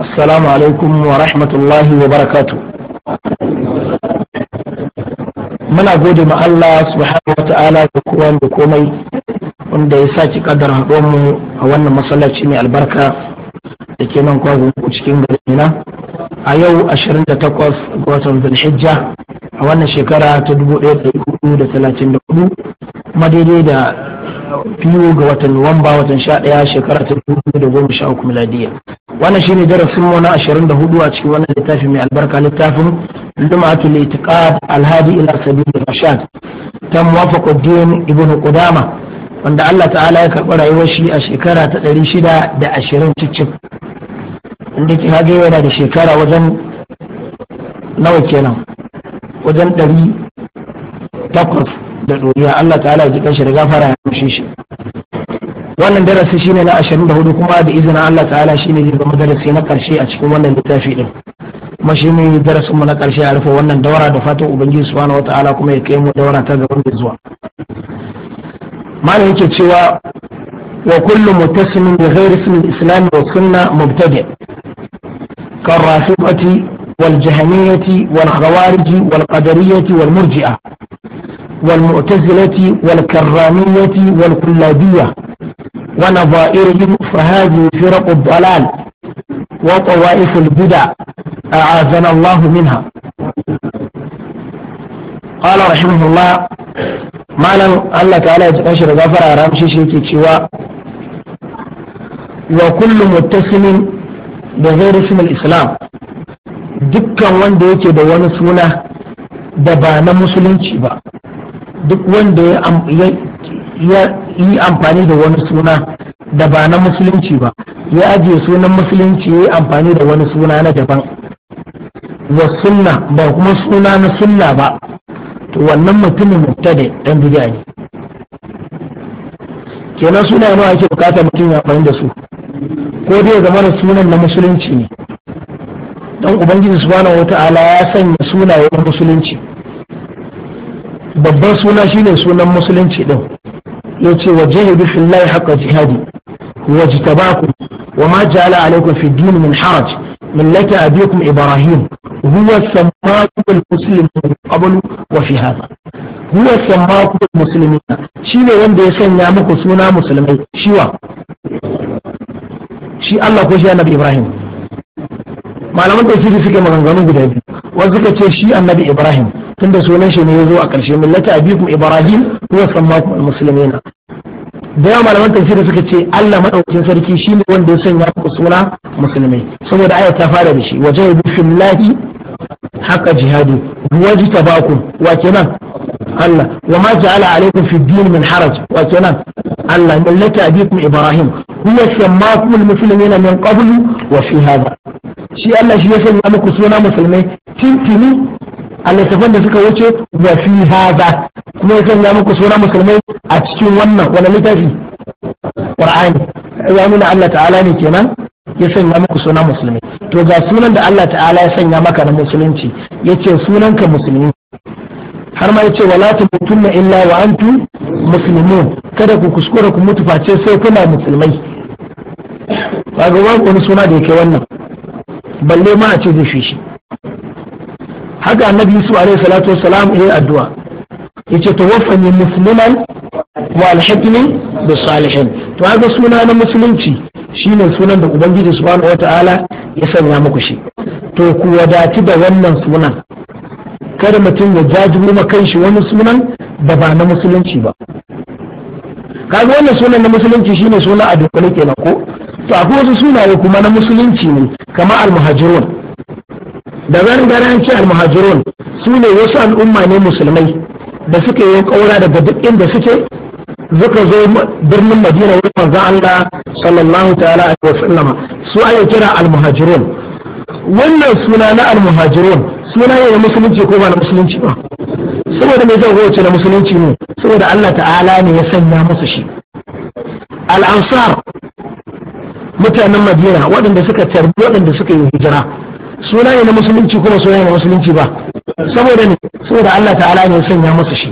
السلام عليكم ورحمة الله وبركاته muna gode ma Allah سبحانه وتعالى da kowa komai wanda ya saki kadar mu a wannan masallaci mai albarka da ke nan kwago cikin garin a yau 28 ga watan Zulhijja a wannan shekara ta 1434 kuma da biyu ga watan Nuwamba watan 11 shekara ta 2013 miladiya wannan shine darasin mu na 24 a cikin wannan littafi mai albarka littafin lumatul itiqad alhadi ila sabil rashad ta muwafaquddin ibn qudama wanda Allah ta'ala ya karɓi rayuwar shi a shekara ta 620 ashirin inda ki hage yana da shekara wajen nawa kenan wajen 100 takwas da doriya Allah ta'ala ya ji kanshi da gafara ya mushe shi wannan darasi shine na 24 kuma da izinin Allah ta'ala shine zai zama darasi na karshe a cikin wannan littafi din kuma shine darasin mu na karshe a rufe wannan daura da fatan ubangiji subhanahu wata'ala kuma ya kai mu daura ta gaban da zuwa malam yake cewa wa kullu mutasmin bi ghairi ismi al-islam wa sunna mubtadi' wal والجهمية Wal mu'tazilati wal والمعتزلة wal والكلابية ونظائرهم فهذه فرق الضلال وطوائف البدع أعاذنا الله منها قال رحمه الله ما لم الله تعالى يتقشر غفر رمشي شيكي شواء وكل متسم بغير اسم الإسلام dukkan wanda yake da wani suna da ba na musulunci ba duk wanda ya yi amfani da wani suna da ba na musulunci ba ya ajiye sunan musulunci ya yi amfani da wani suna na daban wa sunna ba kuma suna na sunna ba to wannan mutumin mubtadi dan bid'a ne kenan suna nawa ake bukata mutum ya amfani da su ko dai zama da sunan na musulunci ne dan ubangiji subhanahu wata'ala ya sanya sunaye na musulunci babban suna shine sunan musulunci din yace wa jahidu fillahi haqqa jihadi wa jtabakum wa ma ja'ala alaykum fi din min haraj millata abikum ibrahim huwa sammakum almuslimin qablu wa fi hadha huwa sammakum almuslimin shine wanda ya sanya muku suna musulmai shiwa shi Allah ko shi annabi ibrahim malaman da suke maganganu guda biyu wasu suka ce shi annabi ibrahim tunda sunan shi ne ya zo a ƙarshe millata abikum ibrahim huwa sammakum almuslimina da yawa malaman tafsiri suka ce Allah madaukakin sarki shine wanda ya sanya ku suna musulmai saboda aya ta fara da shi wajen yabu fillahi haka jihadi waji tabakum wa kenan Allah wa ma ja'ala alaikum fi din min haraj wa kenan Allah millata abikum ibrahim huwa sammakum almuslimina min qablu wa fi hadha shi Allah shi ya sanya muku suna musulmai tintini a littafan da suka wuce wa fi haza kuma ya sanya muku sunan musulmai a cikin wannan wani littafi qur'ani ya nuna Allah ta'ala ne kenan ya sanya muku suna Musulmai. to ga sunan da Allah ta'ala ya sanya maka na musulunci yace ka musulmi har ma ya yace wala tamutunna illa wa antum muslimun kada ku kuskura ku mutu face sai kuna musulmai Ba ga wani suna da yake wannan balle ma a ce zai shi haka annabi yusuf alaihi salatu wassalam yayi addu'a yace tawaffani musliman wa da bis salihin to haka suna na musulunci shine sunan da ubangiji subhanahu wataala ya sanya muku shi to ku wadati da wannan sunan kada mutum ya jajiro ma kanshi wani sunan da ba na musulunci ba kaga wannan sunan na musulunci shine suna a dukkane kenan ko to akwai wasu sunaye kuma na musulunci ne kamar almuhajirun da rangaranci almuhajirun su ne wasu al'umma ne musulmai da suka yi kaura daga duk inda suke suka zo birnin madina wurin manzo Allah sallallahu ta'ala alaihi wasallam su ake kira almuhajirun wannan suna na almuhajirun suna ne na musulunci ko ba na musulunci ba saboda me zai wuce na musulunci ne saboda Allah ta'ala ne ya sanya musu shi al-ansar mutanen madina waɗanda suka tarbi waɗanda suka yi hijira suna ne na musulunci kuma suna ne na musulunci ba saboda ne saboda Allah ta'ala ne sanya masa shi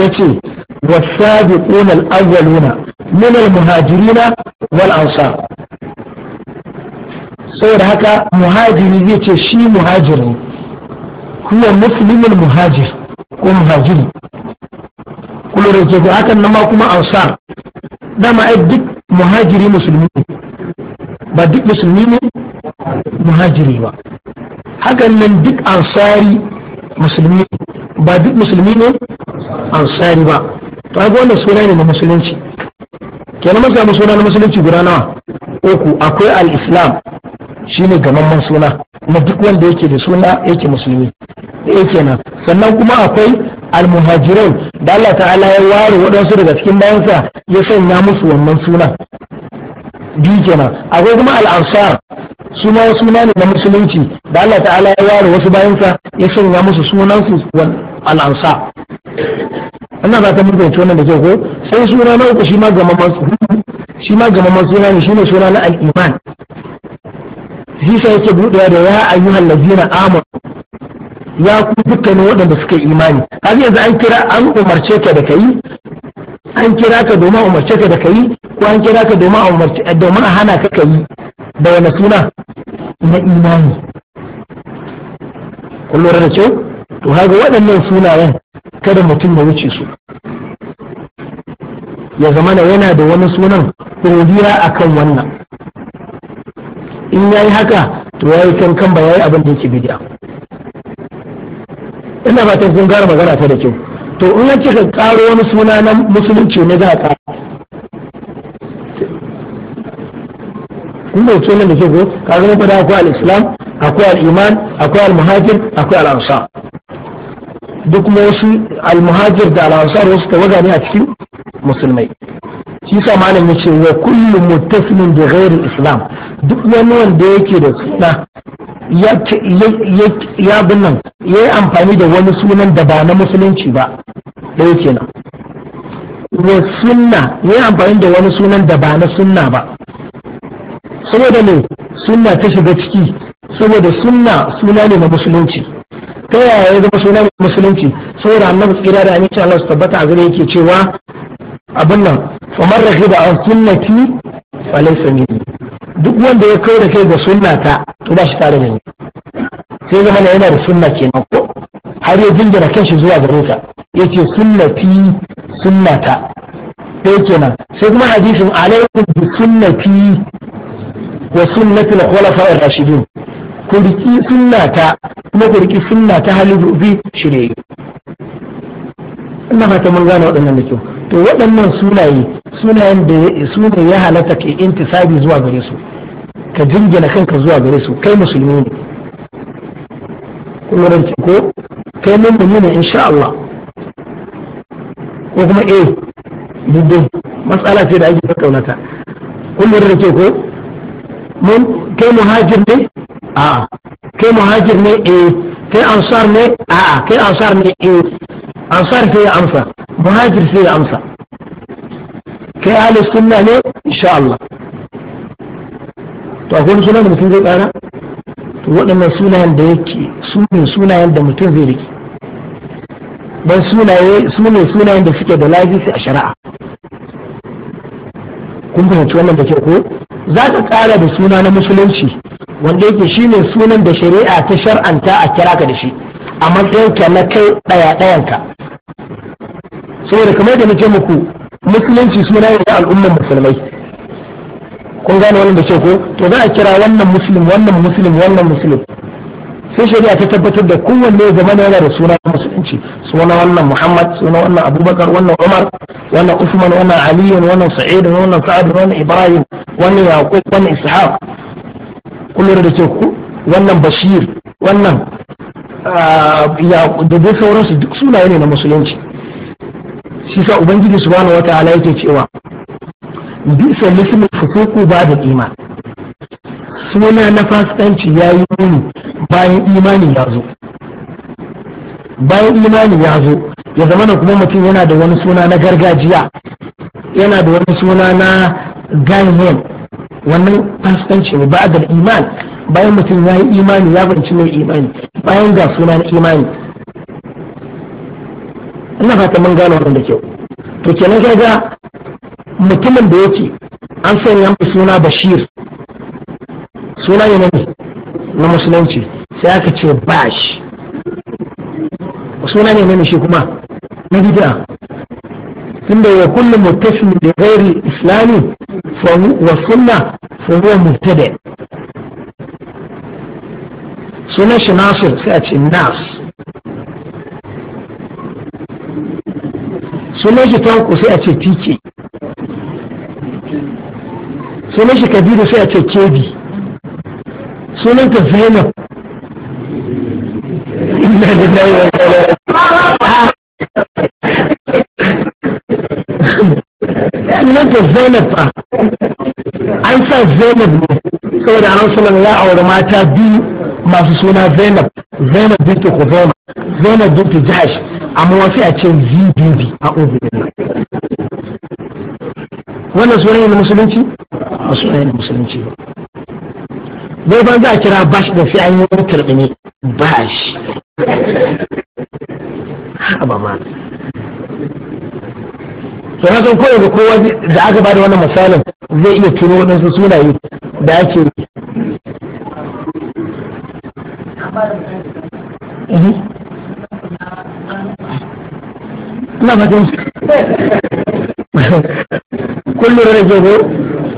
yace والسابقون الأولون من المهاجرين والأنصار saboda haka muhajiri zai ce shi muhajiri kuma musulmin muhajir ko muhajiri kuma da ke hakan nan ma kuma ansar dama ai duk muhajiri musulmi ne ba duk musulmi ne muhajiri ba hakan nan duk ansari musulmi ba duk musulmi ne ansari ba to ai wannan suna ne na musulunci kenan mun samu suna na musulunci guda nawa uku akwai al-islam shine gamamman suna na duk wanda yake da suna yake musulmi yake kenan sannan kuma akwai al-muhajirin da Allah ta'ala ya ware waɗansu daga cikin bayansa ya sanya musu wannan suna biyu kenan akwai kuma al'ansar suna suna ne na musulunci da Allah ta'ala ya ware wasu bayansa ya sanya musu sunan su al'ansa ana za ta mutunci wannan da ko sai suna na uku shi ma gamaman shi ma masu suna ne shine suna na al'iman shi sai yake buɗewa da ya hallazi na amur ya ku dukkanin waɗanda suka yi imani har yanzu an kira an umarce ka da kai an kira ka domin umarce ka da kai ko an kira ka domin a hana ka kai da wani suna na imani kun da kyau to haka waɗannan sunayen kada mutum ya wuce su ya zama da yana da wani sunan ɗoriya a kan wannan in ya yi haka to ya yi kankan ba ya yi abin da yake bidiya ina fatan kun gara magana ta da kyau to in ce ka ƙaro wani suna na musulunci ne za a kun bai nan da ke ko ka zama ku da akwai al-islam akwai al-iman akwai al-muhajir akwai al-ansar duk kuma wasu al-muhajir da al-ansar wasu tawaga ne a cikin musulmai shi sa malam ce wa kullu muttasimin da ghairi islam duk wani wanda yake da suna ya binnan ya yi amfani da wani sunan da ba na musulunci ba ɗaya kenan wa sunna ya yi amfani da wani sunan da ba na sunna ba saboda ne sunna ta shiga ciki saboda sunna suna ne na musulunci ta yaya ya zama suna ne na musulunci saboda annabi tsira da amince Allah su tabbata a gare yake cewa abin nan famar rahiba an sunnati falaysa minni duk wanda ya kai da kai ga sunna ta to ba shi tare da ni sai zama yana da sunna kenan ko har ya jingira kanshi zuwa gare ta yace sunnati sunnata sai kenan sai kuma hadisin alaikum bi sunnati wa sunnatul khulafa ar-rashidun kurki sunna ta kuma kurki sunna ta bi shirye ina fata mun gane waɗannan da kyau to waɗannan sunaye sunayen da sune ya halatta ke intisabi zuwa gare su ka jingina kanka zuwa gare su kai musulmi ne kuma rance ko kai da ne insha Allah ko kuma eh duk matsala ce da ake ta kaunata kullum rance ko mun kai muhajir ne a kai muhajir ne eh kai ansar ne a kai ansar ne eh ansar sai ya amsa muhajir sai ya amsa kai ahli sunna ne insha Allah to akwai sunan da mutum zai kara to waɗannan sunayen da yake su ne sunayen da mutum zai riki don sunaye su ne sunayen da suke da lafisi a shari'a kun fahimci wannan da ke ko za ka kara da suna na musulunci wanda yake shine sunan da shari'a ta shar'anta a kira ka da shi a matsayinka na kai ɗaya ɗayanka saboda kamar da nake muku musulunci suna ne ga al'ummar musulmai kun gane wannan da ke ko to za a kira wannan musulun wannan musulun wannan musulun sai shari'a ta tabbatar da kowanne zaman yana da suna musulunci suna wannan muhammad suna wannan abubakar wannan umar wannan usman wannan aliyun wannan sa'id wannan sa'ad wannan ibrahim wannan yaqub wannan ishaq kullum da ce ku wannan bashir wannan ah, da dai sauransu duk sunaye ne na musulunci shi sa ubangiji subhanahu wataala yake cewa bisa lismin fusuku ba da iman suna na fasikanci ya yi muni bayan imani ya zo bayan imani ya zo ya zama da kuma mutum yana da wani suna na gargajiya yana da wani suna na ganyen wannan fasikanci ne ba da iman bayan mutum ya yi imani ya banci mai imani bayan ga suna na imani ina fata mun gano wanda kyau to kenan ga mutumin da yake an sanya suna bashir suna ne na musulunci sai aka ce bash suna ne na shi kuma na bid'a tunda ya kullu muttasim da ghairi islami wa sunna fa huwa mubtada sunan shi nasir sai a ce nas sunan shi tanko sai a ce tike sunan shi kabiru sai a ce kebi sunan ka zainab inna lillahi wa inna ilaihi zainab fa an sa zainab ne saboda annabi sallallahu ya auri mata biyu masu suna zainab zainab bintu khuzaima zainab bintu jahash amma wasu a ce zbb a ubin wannan sunan musulunci ba sunan musulunci ba bai ban za a kira bash da sai an yi wani karbi ne bash ba ma to na san kowa da kowa da aka bada wannan misalin zai iya tuno waɗansu sunaye da ake mhm. ina fatan kullum da ke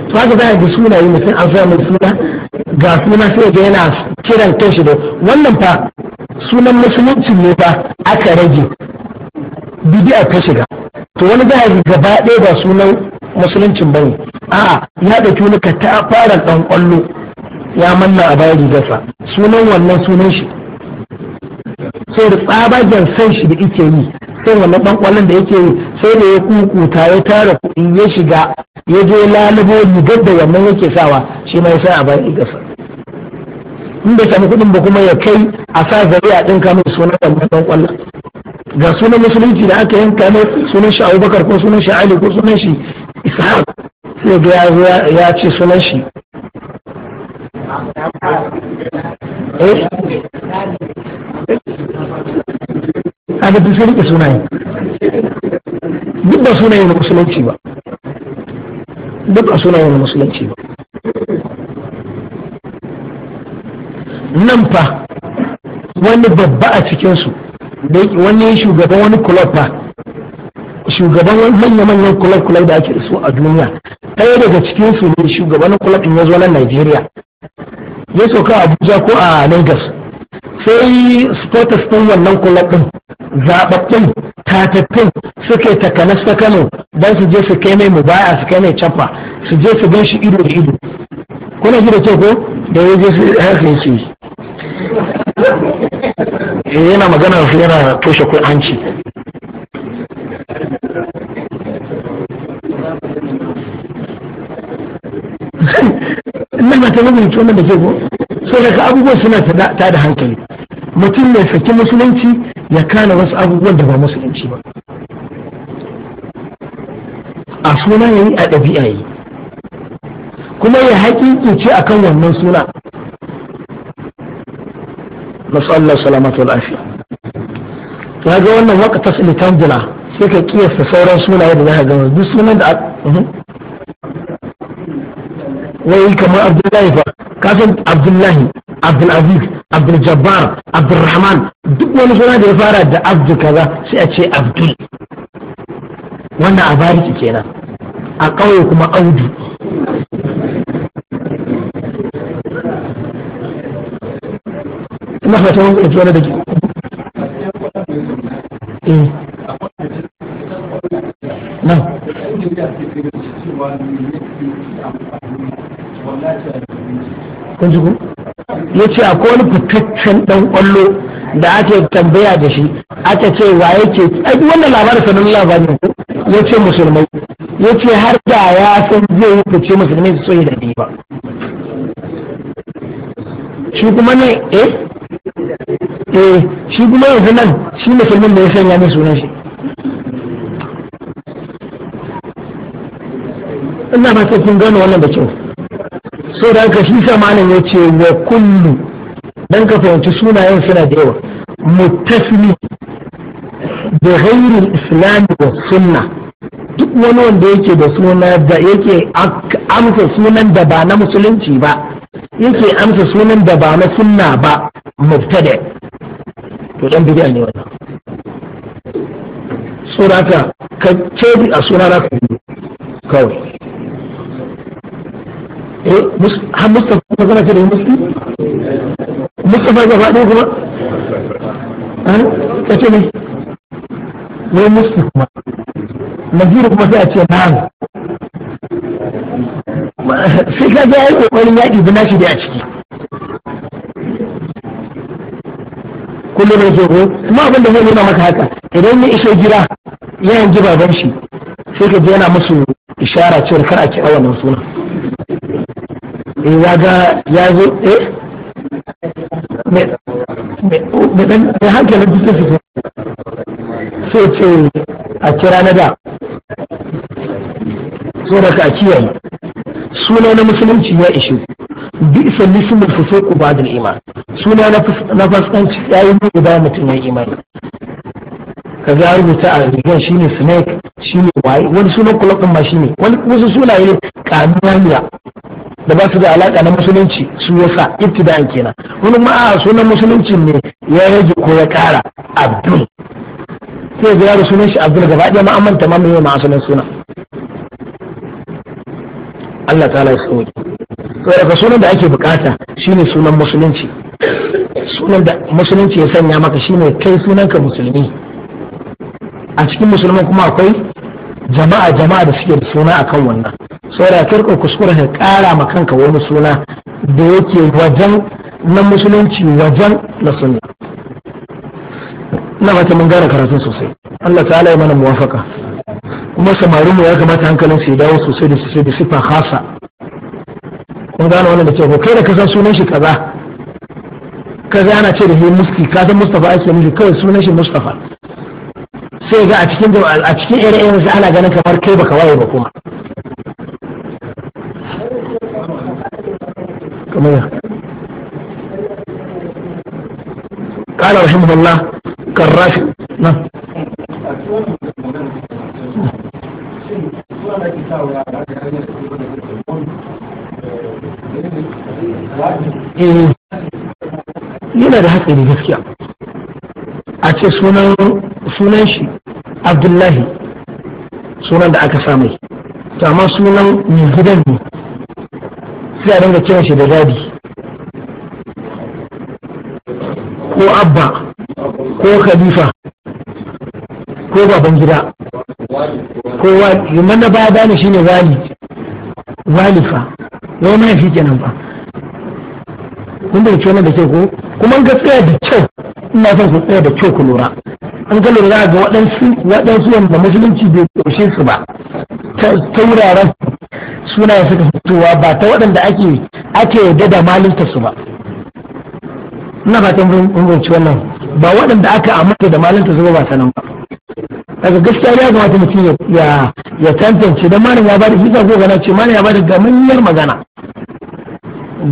to haka za a ga sunaye mutum an soya mai suna ga suna sai ga yana kiran kanshi da wannan fa sunan musulunci ne fa aka rage bidi'a ta shiga to wani za a yi gaba ɗaya ba sunan musuluncin bane a'a ya ɗauki wani ka ta fara ɗan ƙwallo ya manna a bayan rigarsa sunan wannan sunan shi sai da tsabagen san shi da ike yi sai wannan ɗan ƙwallon da yake yi sai da ya kukuta ya tara kuɗi ya shiga ya je lalubo rigar da wannan yake sawa shi mai ya sa a bayan rigarsa in bai samu kuɗin ba kuma ya kai a sa zare a ɗinka mai sunan wannan ɗan ƙwallon ga sunan musulunci da aka yanka mai sunan shi abubakar ko sunan shi ali ko sunan shi ishaq sai ga ya ce sunan shi eh? a ga duk sun rike duk ba sunaye na musulunci ba duk a sunayen musulunci ba nan fa wani babba a cikinsu wani shugaban wani kulob fa shugaban wani manya-manyan kulob-kulob da ake da su a duniya ɗaya daga cikinsu ne shugaban kulob in ya zo nan najeriya ya sauka abuja ko a lagos sai supporters ɗin wannan kulob ɗin zaɓaɓɓun tatattun suke takanas ta kano don su je su kai mai mubaya su kai mai cafa su je su gan shi ido da ido kuna ji da ce ko da ya je su haka yake eh, yana magana su yana toshe kuɗin hanci ina ba ta rubuta wannan da ke ko so daga abubuwan suna ta da hankali mutum mai saki musulunci ya kana wasu abubuwan da ba musulunci ba a suna yayi a ɗabi'a yi kuma ya haƙiƙi ce kan wannan suna nasallar salamatu lafiya ya ga wannan waka ta litambula sai ka kiyasta sauran sunaye da za ka gama duk sunan da mhm. wai kamar abdullahi ba kasan abdullahi abdulaziz abdul jabbar abdul rahman duk wani suna da ya fara da Abdul kaza sai a ce abdul wannan a bariki kenan a ƙauye kuma audu ina fata wani wani da ke eh. kun ji ku? ya ce akwai wani fitaccen dan kwallo da ake tambaya da shi aka ce wa yake ai wannan labarin sanin labarin ko ya ce musulmai ya ce har da ya san zai yi fice musulmai su soyi da ni ba shi kuma ne eh eh shi kuma yanzu nan shi musulmin da ya sanya mai sunan shi ina ba sai kun gano wannan da kyau Sau da haka shi samanin ya ce wa kullu don ka fahimci sunayen suna da yawa muttasmi da ghairul islami wa sunna duk wani wanda yake da suna da yake amsa sunan da ba na musulunci ba yake amsa sunan da ba na sunna ba mubtada to dan bid'a ne wannan suraka ka ce a suna na kawai eh har mustafa magana ce da muslim mustafa gaba ɗaya kuma eh, ka ce mai wai muslim kuma naziru kuma sai a ce na'am sai ka ga yi kokarin yaƙi bi nashi da a ciki kullum da zoro kuma abin da zai nuna maka haka idan ya ishe gida ya yanzu baban shi sai ka je yana musu ishara cewar kar a kira nan sunan eh ya ga ya zo eh mai hankalin duk su fito sai ce a kira na da so da ka kiyaye suna na musulunci ya ishe bisan lismul fusuq ba'd al-iman suna na fasikanci yayin da guda mutum ya imani kaga ya rubuta a rigar shine snake shine waye wani sunan kulakun ma shine wani wasu suna ne kamiyaniya da ba su da alaka na musulunci su yasa an kenan wani ma sunan musulunci ne ya rage ko ya kara abdul sai ga yaro sunan shi abdul gaba ɗaya ma an manta ma sunan suna Allah Ta lai ya sauke daga sunan da ake bukata shine sunan musulunci sunan da musulunci ya sanya maka shine kai sunanka musulmi a cikin musulman kuma akwai jama'a jama'a da suke da suna akan wannan saboda karka kuskura ka kara ma kanka wani suna da yake wajen na musulunci wajen na sunna na fata mun gane karatun sosai Allah ta'ala ya mana muwafaka kuma samarin mu ya kamata hankalin su ya dawo sosai da sosai da sifa hasa. kun gane wannan da ce ko kai da kasan sunan shi kaza kaza yana ce da shi muski ka san mustafa ake mishi kawai sunan shi mustafa sai ga a cikin a cikin ire-iren ana ganin kamar kai baka waye ba kuma كمية قال رحمه الله نعم yana da hatsari gaskiya a ce sunan shi abdullahi sunan da aka samai to amma sunan mai gidan ne sai a dinga kiran shi da dadi ko abba ko khalifa ko baban gida ko wali da baya bani shine wali walifa wai mai fi kenan ba kun da ke da ke ko kuma ga tsaya da kyau ina son ku tsaya da kyau ku lura an ga lura ga waɗansu waɗansu wanda musulunci bai ƙoshe su ba ta wuraren ya suka fitowa ba ta waɗanda ake ake yadda da malinta su ba ina fatan bambanci wannan ba waɗanda aka amince da malinta su ba sanan ba daga gaskiya ya ta mutum ya ya tantance don malam ya bada hisa ko gana ce malam ya bada gamanniyar magana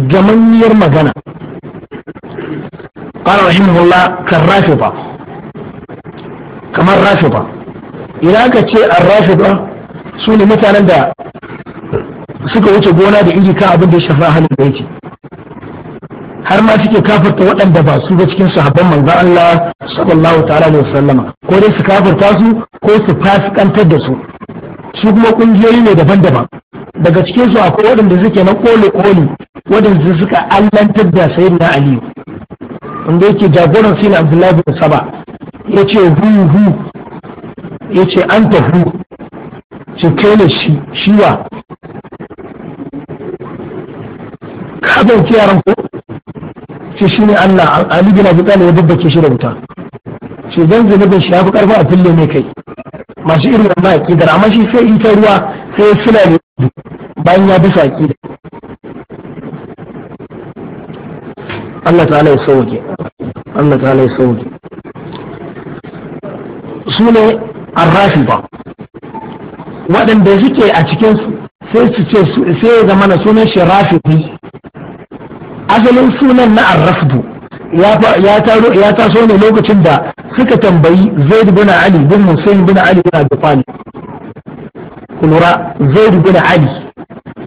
gamanniyar magana kamar rafe ba. كالرافضة aka ce إذا rafe ba su ne mutanen da suka wuce gona da iri ka abin da ya shafa halin da yake har ma suke kafarta waɗanda ba su ba cikin sahabban manzo Allah sallallahu ta'ala alaihi wasallama ko dai su kafarta su ko su fasikantar da su su kuma kungiyoyi ne daban-daban daga cikin su akwai waɗanda suke na koli koli waɗanda suka allantar da sayyidina Ali wanda yake jagoran sayyidina Abdullahi bin Saba yace hu hu yace anta hu ce kai ne shi shiwa ka zauki yaran ko ce shi ne Allah Ali bin Abi Talib ya babbake shi da wuta ce dan zunubin shi ya fi karfa a fille ne kai masu irin wannan aqidar amma shi sai ita ruwa sai ya fila ne bayan ya bisa aqida Allah ta'ala ya sauke Allah ta'ala ya sauke su ne arrafiba waɗanda suke a cikinsu sai su ce sai ya zama na sunan shi rafi. asalin sunan na arrafdu ya taso ne lokacin da suka tambayi zaid bin ali bin hussein bin ali bin abi kunura kulura zaid bin ali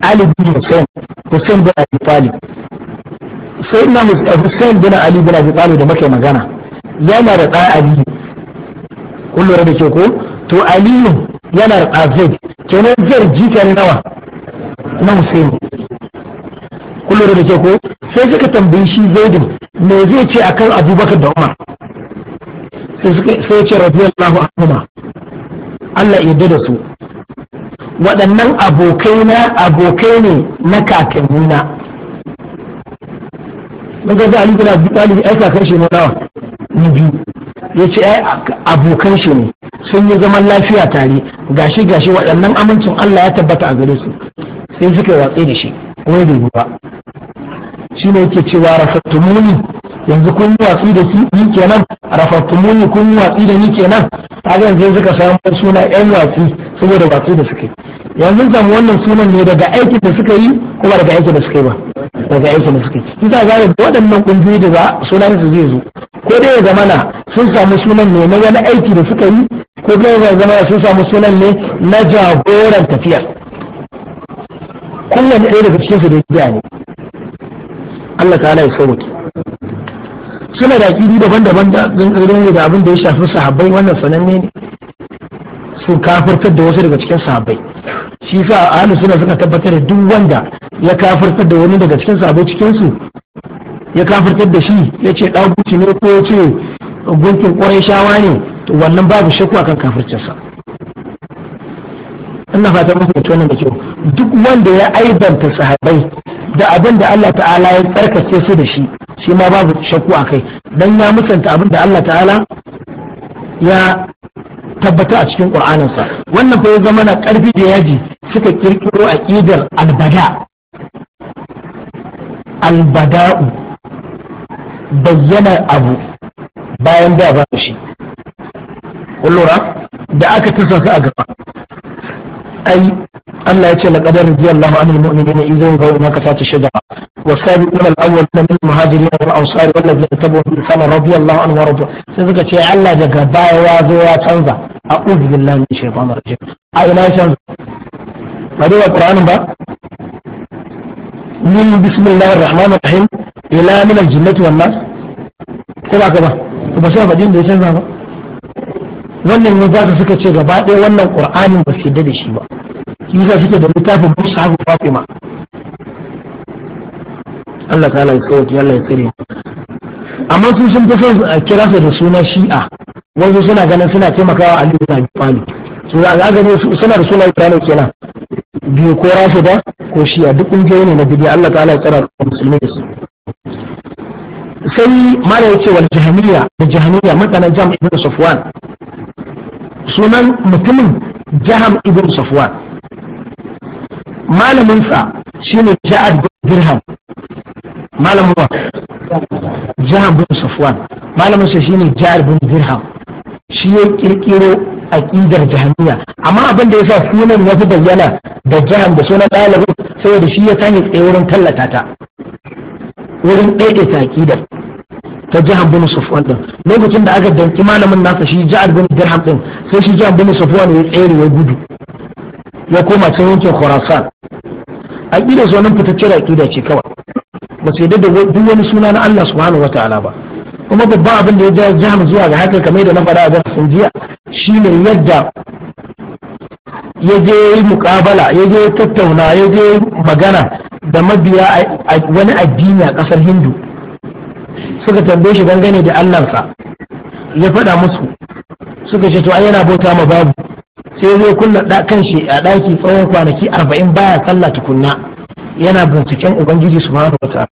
ali bin hussein hussein bin abi talib sai na hussein eh, bin ali bin abi da muke magana yana da ɗa ali kullura da ke ko to aliyu yana da ɗa zaid kenan zaid jika ne nawa na hussein kullum da ke ko sai suka tambayi shi zaidin me zai ce akan abubakar da umar sai ce radiyallahu anhuma Allah yarda da su waɗannan abokai na abokai ne na kakannina mun ga Ali bin Abi Talib ai kakan shi ne nawa ni biyu yace ai abokan shi ne sun yi zaman lafiya tare gashi gashi waɗannan amincin Allah ya tabbata a gare su sai suka yi watsi da shi wai bai ba shi ne yake cewa rafatumuni yanzu kun yi watsi da ni kenan rafatumuni kun yi watsi da ni kenan kaga yanzu suka samu suna yan watsi saboda watsi da suke yanzu samu wannan sunan ne daga aikin da suka yi ba daga aikin da suka yi ba daga aikin da suka yi kisa ga da waɗannan kungiyoyi da sunan su zai zo ko dai ya zamana sun samu sunan ne na wani aiki da suka yi ko dai ya zamana sun samu sunan ne na jagoran tafiya kullum ɗaya daga cikin su da ne Allah ta'ala ya sauke suna da kiri daban-daban da tsirin da abin da ya shafi sahabbai wannan sananne ne su kafirtar da wasu daga cikin sahabbai shi sa hannu suna suka tabbatar da duk wanda ya kafirtar da wani daga cikin sahabbai cikinsu, ya kafirtar da shi ya ce ɗaguci ne ko ya ce gunkin ƙwarai shawa ne to wannan babu shakku akan kafircinsa ina fata mun fahimci wannan da kyau duk wanda ya aibanta sahabbai da abin da Allah ta'ala ya tsarkake su da shi shi ma babu shakku a kai dan ya musanta abin da Allah ta'ala ya tabbata a cikin ƙur'aninsa wannan fa ya zama na ƙarfi da yaji suka kirkiro aƙidar albada albada'u bayyana abu bayan da ba shi kullura da aka tasa a gaba ai Allah ya ce la qadar radiyallahu anil mu'minina idza yaghaw ma kasat shida wa sabiqul al-awwal min muhajirin wal ansar wal ladzina tabu'u bi sana radiyallahu anhu wa radu sai suka ce Allah daga baya ya zo ya canza a'udhu billahi min shaytanir rajim a ina canza ba da qur'ani ba min bismillahir rahmanir rahim ila min al-jinnati wan nas ko ba ka ba ba sai ba din da ya canza ba wannan ne za su suka ce gaba ɗaya wannan ƙur'anin ba su yadda da shi ba shi za suke da littafin mushafu fatima Allah ta ya sauke Allah ya tsare amma su sun fi son a kira su da suna shi'a Wanzu suna ganin suna taimakawa Ali bin Abi Talib su za ga gane suna da suna Ibrahim kenan biyu ko Rafida ko shi'a duk kungiyoyi ne na bidiya Allah ta ya tsara musulmi da su sai mala ce wal jahmiya da jahmiya mutanen jam ibn Safwan sunan mutumin jaham ibn Safwan malaminsa shi ne ja'ad dirham malamin wa jihar bin safwan malaminsa shi ne ja'ad bin dirham shi ya kirkiro a aƙidar jahamiya amma abin da ya sa sunan ya fi bayyana da jihar da sunan ɗalibin saboda shi ya sani tsaye wurin tallata ta wurin ɗaiɗaita aƙidar ta jihar bin safwan din lokacin da aka danki malamin nasa shi jihar bin dirham din sai shi jihar bin safwan ya tsere ya gudu ya koma cikin yankin khurasan aƙida su fitacce da ƙida ce kawai ba su da duk wani suna na Allah subhanahu wa ta'ala ba kuma babban abin da ya ja jihar zuwa ga haka kamar da na faɗa a darasin jiya shine yadda yaje mukabala, yi ya je tattauna yaje magana da mabiya wani addini a ƙasar hindu suka tambaye shi dangane da allansa ya faɗa musu suka ce to ai yana bauta ma babu sai zai kulla kan shi a daki tsawon kwanaki arba'in baya sallah tukunna yana binciken ubangiji su wa ta'ala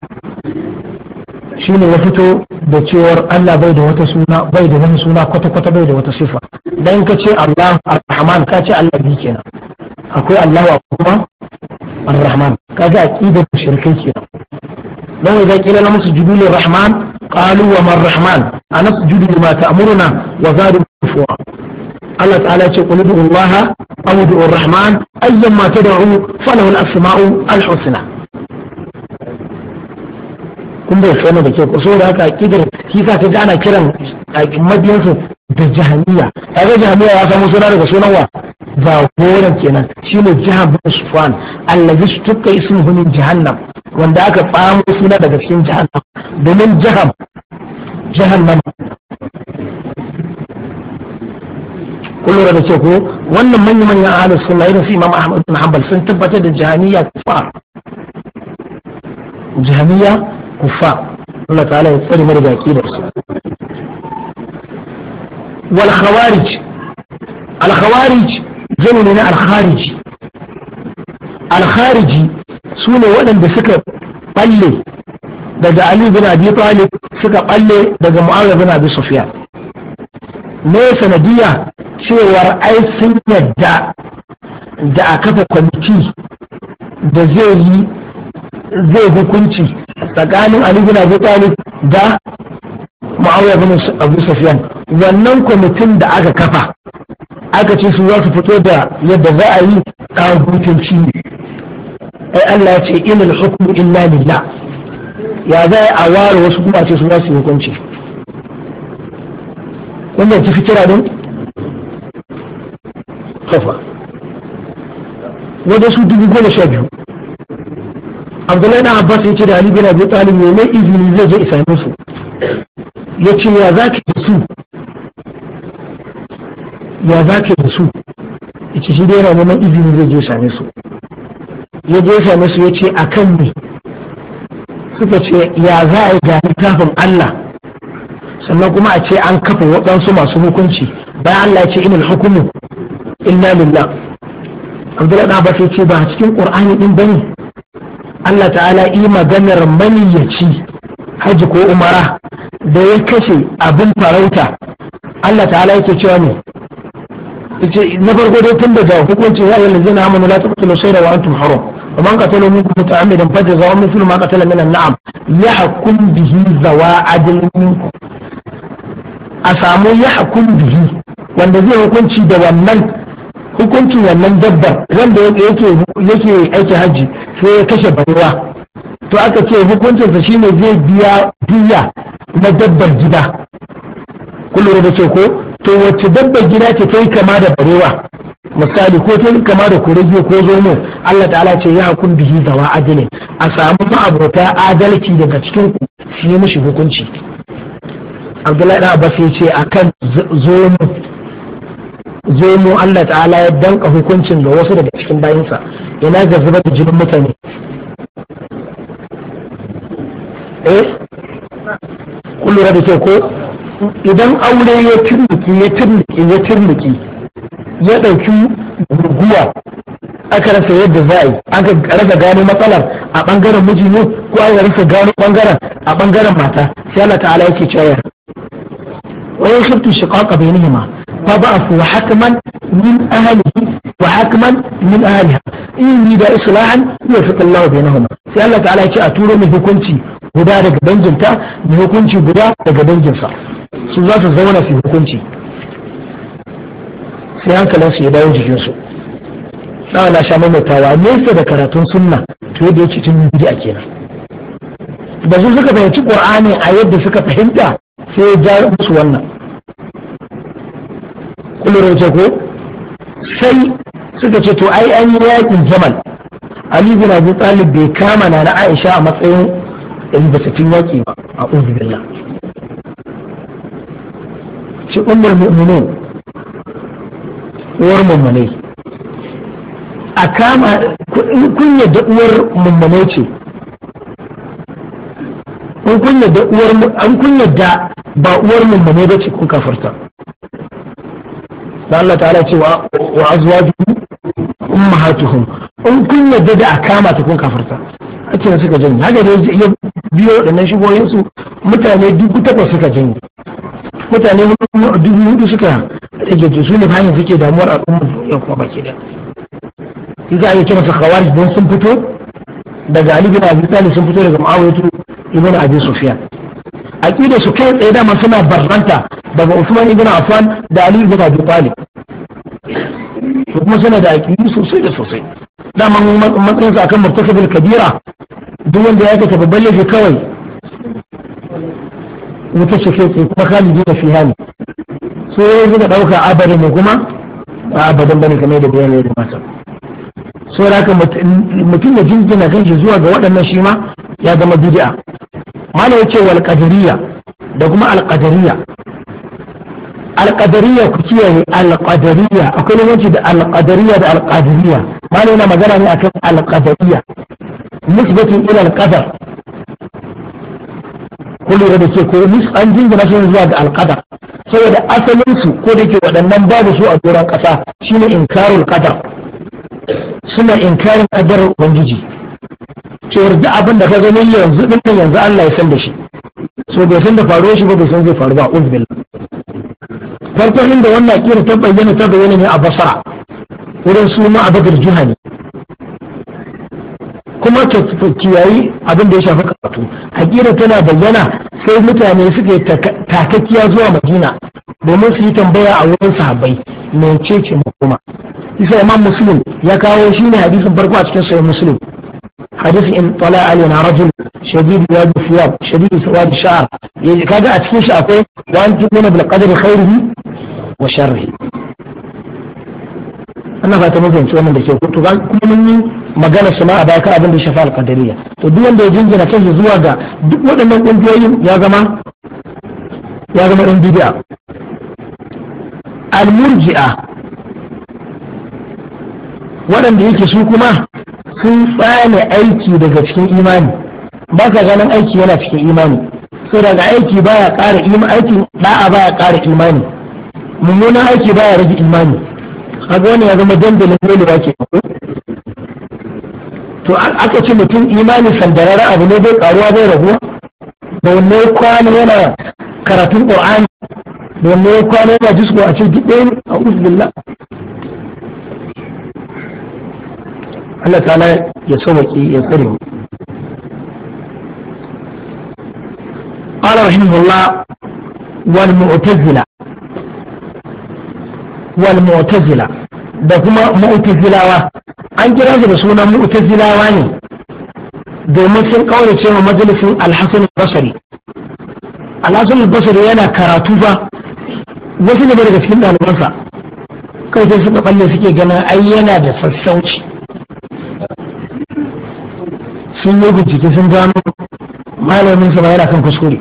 shi ne ya fito da cewar Allah bai da wata suna bai da wani suna kwata-kwata bai da wata sifa dan ka ce Allah ar-Rahman ka ce Allah bi kenan akwai Allah wa kuma ar-Rahman ka ga aqidar mushrikai kenan dan wai zaki lana musu judul rahman qalu wa man rahman anas judul ma ta'muruna wa zadu fuwa Allah ta'ala ce qul ud'u Allah aw ud'u Rahman ayyan ma tad'u falahu al-asma'u al-husna kun bai sai da ke so da haka kidar shi sa ta ana kiran mabiyansu da jahaniya kaga jahaniya ya samu suna daga sunan wa ba goran kenan shine jihar bin sufan allazi stukka ismuhu min jahannam wanda aka tsamo suna daga cikin jahannam domin jaham jahannam kun lura da ce ko wannan manyan manyan ahlus sunna irin su imam ahmad bin hanbal sun tabbatar da jahaniya kufa jahaniya kufa Allah ta'ala ya tsare mu daga akidar su wal khawarij al khawarij jami'i na al khariji al khariji sune waɗanda suka balle daga Ali bin Abi Talib suka balle daga Muawiya bin Abi Sufyan ne sanadiyya cewar ai sun yadda da a kafa kwamiti da zai yi zai hukunci tsakanin Ali bin Abi da ma'auya bin Abu safiyan wannan kwamitin da aka kafa aka ce su za su fito da yadda za a yi hukunci ne ai Allah ce inal hukmu illa lillah ya za a ware wasu kuma a ce su za su yi hukunci wanda ya ci fikira don kafa wanda su dubu goma sha biyu abdullahi na abbas ya ce da ali na biyu talib ne mai izini zai je isa musu ya ce ya za ka su ya za ka su ya ce shi dai yana neman izini zai je same su ya je same su ya ce a kan ne suka ce ya za a yi ga littafin Allah sannan kuma a ce an kafa waɗansu masu hukunci bayan Allah ya ce inal hukumu illa lillah abdullahi dan abbas ce ba cikin qur'ani din bane Allah ta'ala yi maganar maniyaci haji ko umara da ya kashe abin farauta Allah ta'ala yake cewa ne na farko dai tun daga hukunci ya ayyana zina amanu la taqtulu shayra wa antum haram wa man qatala minkum muta'ammidan fajza'u mithlu ma qatala min an-na'am yahkum bihi zawa adl minkum a samu yahkum bihi wanda zai hukunci da wannan hukuncin wannan dabbar wanda yake yake aiki hajji sai ya kashe baiwa to aka ce hukuncinsa shine zai biya biya na dabbar gida kullum da ce ko to wacce dabbar gida ce ta kama da barewa misali ko ta kama da kurege ko zomo Allah ta'ala ce ya hakun bihi zawa adalin a samu ma'abota adalci daga cikin ku shi mishi hukunci Abdullahi da Abbas ya ce akan zomo mu Allah ta'ala ya danka hukuncin ga wasu daga cikin bayinsa yana ga zubar da jinin mutane eh kun da ko idan aure ya turmuki ya turmuki ya turmuki ya ɗauki guguwa aka rasa yadda za a yi aka rasa gano matsalar a bangaren miji ne ko aka rasa gano bangaren a ɓangaren mata sai Allah ta'ala yake cewa وإن خفتم شقاق بينهما فبعثوا حكما من أهله وحكما من أهلها إن نريد إصلاحا يوفق الله بينهما sai Allah ta'ala ya ce a turo mai hukunci guda daga danginta mai hukunci guda daga danginsa su za su zauna su hukunci sai hankalin su ya dawo jikinsu na na sha maimaitawa nesa da karatun sunna to yadda yake tun bid'a suka fahimci ƙur'ani a yadda suka fahimta sai ya ja musu wannan kullum ko sai suka ce to ai an yi yakin jamal ali bin abu talib bai kama na na aisha a matsayin ilbatattun yaki ba a uzubillah shi ummul mu'minin uwar mummune. a kama kunya da uwar mummune ce an kun yadda uwar ba uwar mummune bace kun kafarta Allah ta'ala ce wa azwaju ummahatuhum an kun yadda da a kama ta kun kafarta ake nan suka janye haka da ya biyo waɗannan shigoyin su mutane dubu takwas suka janye mutane dubu hudu suka rage su ne hanyar suke damuwar al'ummar ya kuma baki da za a yi ce masa don sun fito daga ali bin abi sun fito daga ma'awaitu ibn abi sufyan aqida su kai tsaye da suna barranta daga usman ibn affan da ali ibn abi talib su kuma suna da aqidi sosai da sosai Da dama matsayin akan murtakabul kabira duk wanda ya aikata babban laifi kawai wuta ce kai tsaye kuma khalidi da fiha ne so yayi da dauka abada ne kuma ba abadan bane kamar da bayanai da mata so haka mutum ya jinjina kanshi zuwa ga waɗannan shi ma ya zama bid'a mana ce wal alƙadariya da kuma al Alƙadariya al ku kiyaye al qadariyya akwai lokaci da al da al qadariyya mana yana magana ne akan al qadariyya nisbatun ila al qadar kullu da ce ko nis an da shi zuwa ga al qadar saboda asalin su ko da ke waɗannan babu su a doron ƙasa shine inkarul qadar suna inkarin qadarin ubangiji cewar yarda abin da ka gani yanzu din yanzu Allah ya san da shi so bai san da faru shi ba bai san zai faru ba uzbillah farkon inda wannan kira ta bayyana ta bayyana ne a basara wurin su ma jiha juhani kuma ta kiyayi abin da ya shafi karatu hakira tana bayyana sai mutane suke takakkiya zuwa madina domin su yi tambaya a wurin sahabbai mece ce makoma isa imam muslim ya kawo shi ne hadisin farko a cikin sahih muslim hadith in tala alaina rajul shadid wadi siyab shadid sawad sha'r yaji kaga a cikin shi akwai wa an tu'minu wa ana fata mun fahimci wannan da ke to kuma mun yi magana su ma a baka abin da ya shafa alqadariya to duk wanda ya jingina kansa zuwa ga duk waɗannan ƙungiyoyin ya zama ya zama ɗan bid'a al-murji'a waɗanda yake su kuma sun tsane aiki daga cikin imani ba ka ganin aiki yana cikin imani sai daga aiki ba ya ƙara imani aiki ba ya ƙara imani mummunan aiki ba ya rage imani kaga wani ya zama dandalin dole ba ke to aka ce mutum imani sandarara abu ne bai karuwa bai raguwa da wanne kwana yana karatun qur'ani da wanne kwana yana jisko a ce duk ɗaya a uzbillah Allah ta'ala ya sauwaƙi ya tsare mu قال رحمه الله والمعتزلة والمعتزلة da kuma mu'tazilawa an kira su da sunan mu'tazilawa ne domin sun kaurace cewa majalisin Alhassan Basari. Alhassan Basari yana karatu ba wasu ne daga cikin ɗalibansa kai sai suka balle suke ganin ai yana da sassauci sun yi bincike sun gano malamin sa yana kan kuskure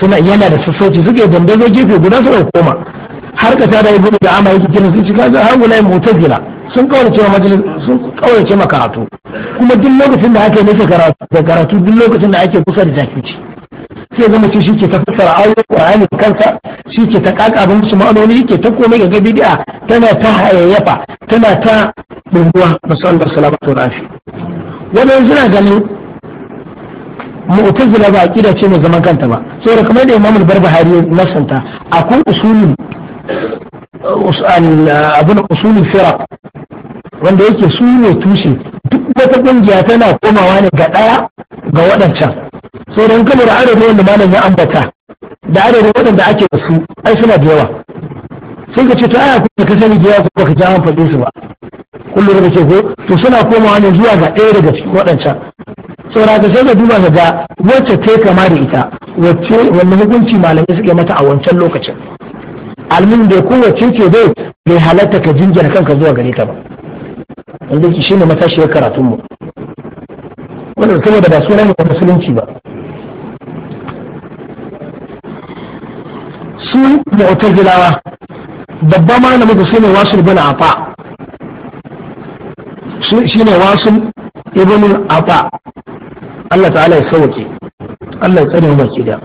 suna yana da sassauci suke dandazo gefe guda suka koma har ka tada gudu da amma yake kiran sun shiga ga hagu lai mutazila sun kaurace majalis sun kaurace makaratu kuma duk lokacin da ake nake karatu da karatu duk lokacin da ake kusa da jakici sai zama ce shi ke ta fassara ayoyi Qur'ani kansa shi ke ta kaka abin su ma'anoni yake ta komai ga bid'a tana ta hayayyafa tana ta dunguwa masallar salamatu rafi wadansu suna ganin mu'tazila ba a kira ce mai zaman kanta ba da kamar da imamul barbahari nasanta akwai usulin abin usulin Fira, wanda yake su ne tushe duk wata kungiya tana komawa ne ga ɗaya, ga waɗancan da don kamar adadin wanda malam ya ambata da adadin waɗanda ake da su ai suna da yawa sun ka ce to aya kuma ka sani da yawa kuma ka ji an faɗe su ba kullum da ke ko to suna komawa ne zuwa ga ɗaya daga cikin waɗancan saboda ka sai ka duba ga ga wacce ta kama da ita wacce wanda hukunci malamai suke mata a wancan lokacin almin da kowace ce dai bai halatta ka jinjina kanka zuwa gare ta ba wanda ki shine matashiyar karatun mu wanda saboda ba sunan ne musulunci ba su mu'tazilawa babban malamin da sune wasu bin afa ne wasu ibn afa Allah ta'ala ya sauke Allah ya tsare mu baki da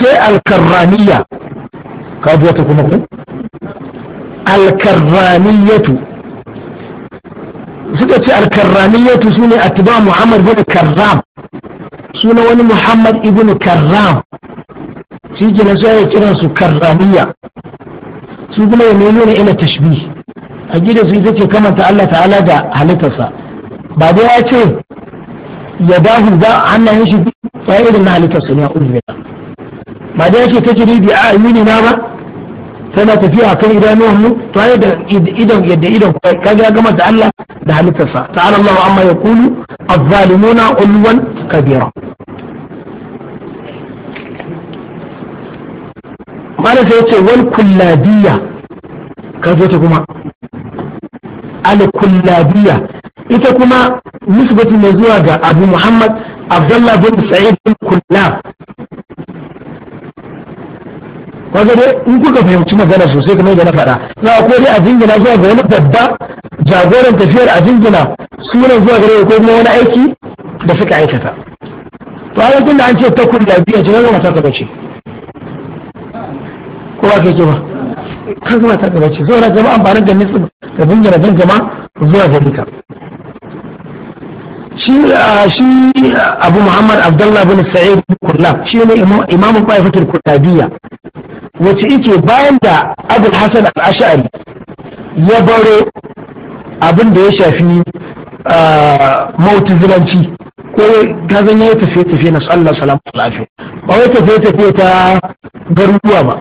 sai alkarraniya ka ji wata kuma ku alkarraniyatu suka ce alkarraniyatu sune atba muhammad bin karram suna wani muhammad ibn karram shi gina sai ya kiransu karraniya su kuma ya nemi ne ila tashbih aqida su ita ce kamanta Allah ta'ala da halittarsa ba dai ya ce ya dahu a annahin shi sai irin na halittarsa ne a ubbila ba dai ya ce ta jiri bi a yuni na ba tana tafiya kan idanuwan mu to ai da idan yadda idan kaga gama da Allah da halittarsa ta'ala Allah amma ya az-zalimuna ulwan kabira malaka yace wal kulladiyya ka ta kuma al-kullabiya ita kuma nisbatu mai zuwa ga abu muhammad abdullah bin sa'id bin kullab dai in kuka fahimci magana sosai kamar da na faɗa za ko dai a jingina zuwa ga wani babba jagoran tafiyar a jingina sunan zuwa gare ko kuma wani aiki da suka aikata to a da an ce ta kullabiyya ce wani mata ka bace ko ba ke ba kalma ta gaba ce saboda jama'a amfanin da nisu da bungira jan jama'a zuwa gari ka shi shi abu muhammad abdullah bin sa'id kurla shi ne imamun fa'ifatul kutadiyya wace yake bayan da abul hasan al-ash'ari ya baro abin da ya shafi mautizilanci ko ta zan ya tafiye tafiye na sallar salamu lafiya ba wai tafiye tafiye ta garuruwa ba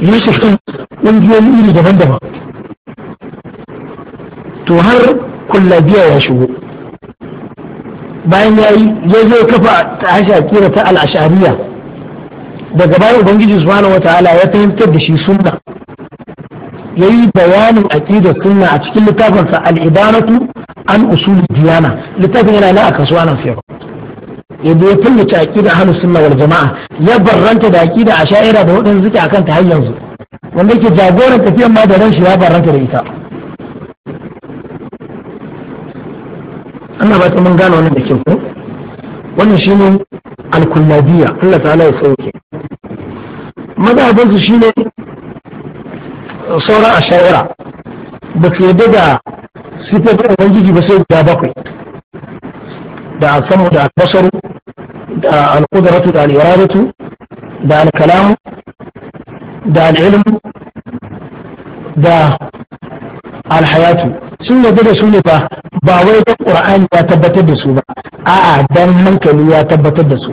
ya shafi ƙungiyoyi iri daban-daban to har kullabiya ya shigo bayan ya yi ya zo kafa ta hasha kira ta al'ashariya daga bayan ubangiji subhanahu wa ta'ala ya fahimtar da shi sunna ya yi bayanin aƙidar sunna a cikin littafinsa al'ibanatu an usul diyana littafin yana nan a kasuwa nan ya zo ya fallita aqida ahlus sunna wal jamaa ya barranta da aqida sha'ira da waɗanda suke akan ta har yanzu wanda yake jagoran tafiyan ma da ran shi ya barranta da ita Allah ba ta mun gane wannan da kyau ko wannan shine al-kullabiyya Allah ta'ala ya sauke mazhabin su shine sauran asha'ira ba su yadda da sifofin ubangiji ba sai guda bakwai da alsamu da albasaru da alƙudaratu da al'iradatu da alkalamu da al'ilmu da alhayatu sun yarda da su ne ba ba wai da qur'ani ya tabbatar da su ba a'a dan hankali ya tabbatar da su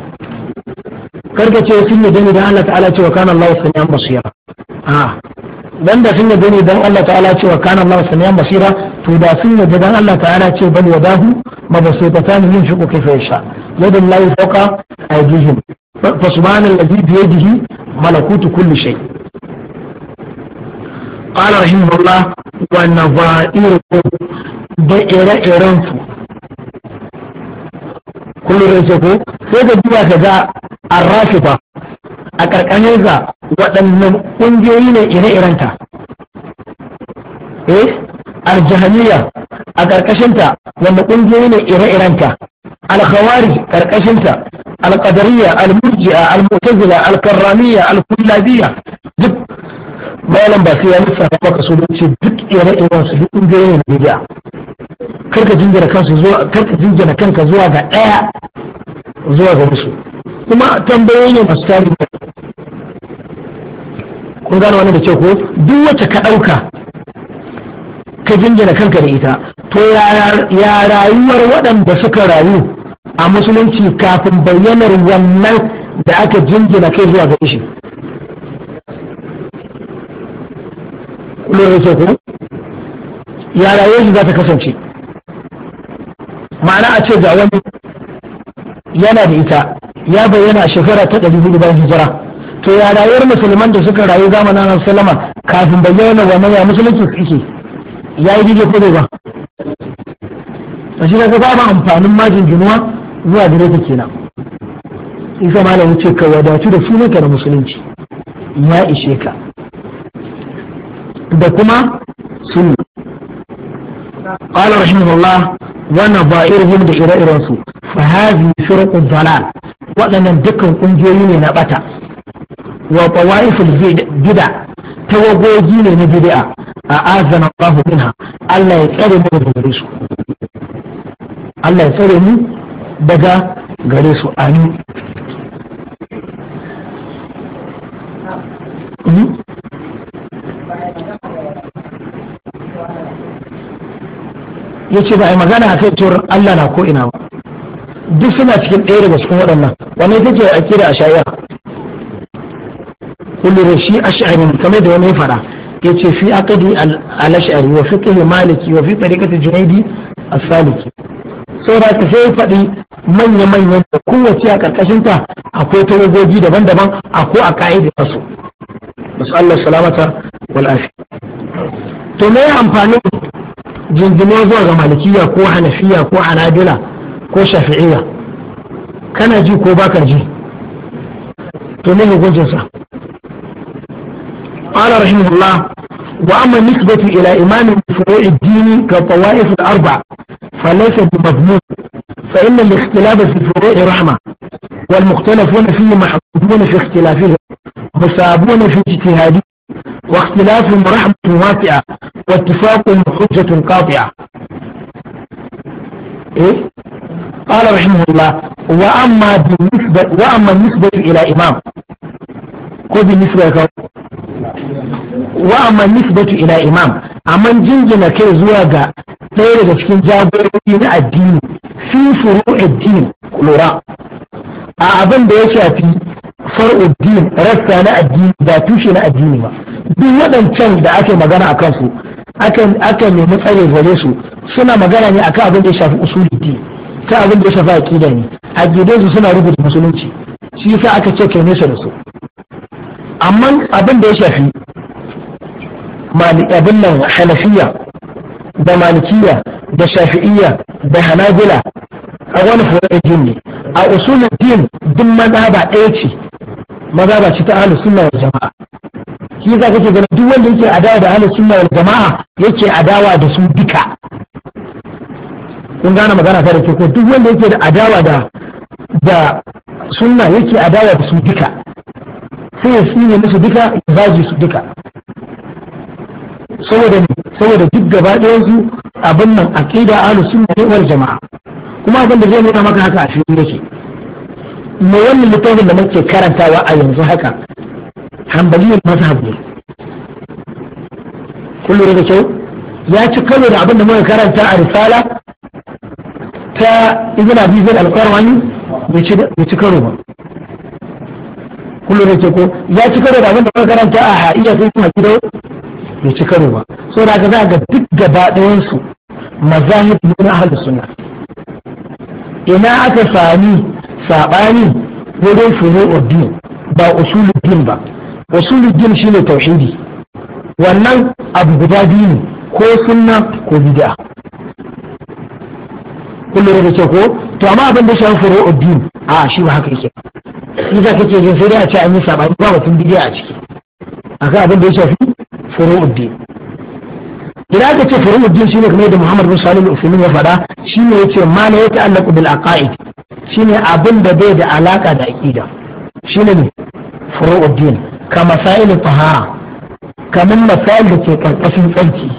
karka ce sun yarda da Allah ta'ala cewa kana Allah sami'an a dan da sun yabe ne dan Allah ta'ala cewa kana Allah samiyan basira to da sun yabe dan Allah ta'ala ce bal wadahu mabasutatan yunfiqu kayfa yasha yadan la yufaqa aydihim fa subhanallazi bi yadihi malakutu kulli shay قال رحمه الله ونظائركم دائرة إيرانكم كل رئيسكم سيدة دي كذا الرافضة a ƙarƙashin sa waɗannan ƙungiyoyi ne ire-irenta eh aljahaniya a ƙarƙashinta wanda ƙungiyoyi ne ire-irenta alkhawarij ƙarƙashinta alƙadariya almurji'a almutazila alkarramiya alkullabiya duk malam ba sai ya lissafa maka su ce duk ire-iren su duk ƙungiyoyi ne bid'a kar ka jinjina kansu zuwa kar ka kanka zuwa ga ɗaya zuwa ga musu kuma tambayoyi ne masu tarihi kun gane wannan da ce ko duk wacce ka ɗauka ka jinjina kanka da ita to ya rayuwar waɗanda suka rayu a musulunci kafin bayyanar wannan da aka jinjina kai zuwa ga shi kullum ce ko ya rayuwar shi za ta kasance ma'ana a ce ga wani yana da ita ya bayyana shekara ta ɗari hudu bayan hijira to ya rayuwar musulman da suka rayu zamanin nan salama kafin bayyana wannan ya musulunci suke ya yi jirgin kudu ba a shi zai babu amfanin majin ginuwa zuwa gare ta kenan isa malamin ce ka wadatu da sunanka da musulunci ya ishe ka da kuma sunna قال رحمه الله ونظائرهم بإرائرهم فهذه فرق الضلال ƙungiyoyi ne na نبتا wa tawaiful bid'a tawagogi ne na bid'a a azana Allahu minha Allah ya tsare mu daga gare su Allah ya tsare mu daga gare su amin hmm? ya ce ba a magana a kai cewar Allah na ko ina ba duk suna cikin ɗaya daga cikin waɗannan wani ita ce akida a shaya kullu shi ash'ari kamar da wani ya fara yace fi aqdi al-ash'ari wa fiqh maliki wa fi tariqati junaidi as-saliki da ka sai faɗi manya manya da kowace a karkashin ta akwai tawagogi daban-daban akwai a ka'ida su masu Allah salamata wal to me amfani jinjimo zuwa ga malikiya ko hanafiya ko hanabila ko shafi'iyya kana ji ko baka ji to ne hukuncin قال رحمه الله وأما النسبة إلى إمام فروع الدين كالطوائف الأربع فليس بمضمون فإن الاختلاف في الفروع رحمة والمختلفون فيه محبوبون في اختلافهم مسابون في اجتهادهم واختلافهم رحمة واسعة واتفاقهم حجة قاطعة إيه؟ قال رحمه الله وأما بالنسبة وأما النسبة إلى إمام خذ النسبة wa amma nisbatu ila imam amma jinjina kai zuwa ga ɗaya daga cikin jagorori na addini fi furu addini lura a abin da ya shafi far'uddin rasta na addini ba tushe na addini ba duk waɗancan da ake magana a kansu aka nemi tsare gare su suna magana ne akan abin da ya shafi din kan abin da ya shafi aqida ne gidansu suna rubuta musulunci shi yasa aka ce kai nesa da su amma abin da ya shafi abin nan hanafiya da malikiya da shafi'iya da hanabila a wani furar ne a usulun din maza ba ɗaya ce ba ce ta ahlus sunna wal jama'a shi yasa kake ganin duk wanda yake adawa da ahlus sunna wal jama'a yake adawa da su duka kun gane magana ta da ke ko duk wanda yake da adawa da da sunna yake adawa da su duka sai ya sunye musu duka ya zaji su duka saboda saboda duk gaba ɗayan su abin nan aqida ahlus sunna ne wal jamaa kuma abin da zai nuna maka haka a cikin yake me wannan littafin da muke karantawa a yanzu haka hanbaliyar mazhab ne kullum da kyau ya ci kano da abin da muka karanta a risala ta ibn abi zaid al-qarwani bai ci karo ba kullum da ce ko ya ci karo da abin da karanta a ha'iya sun kuma gidau bai ci karo ba so da za ga duk gaba ɗayan su mazahib ne na ahlus sunna ina aka sami sabani wurin furu'uddin ba usuluddin ba usuluddin shine tauhidi wannan abu guda biyu ne ko sunna ko bid'a kullum da ce ko to amma abin da shafi furu'uddin a shi ba haka yake shi za kake jin sai dai a ce an yi sabani ba batun bidiya a ciki A kan abin da ya shafi furu'uddin idan aka ce furu'uddin shine kamar yadda Muhammad bin Salim al-Uthaymeen ya faɗa shine yace ma ya ta'allaku bil aqaid shine abin da bai da alaka da aqida shine ne furu'uddin ka masailu tahara kamar masail da ke karkashin tsarki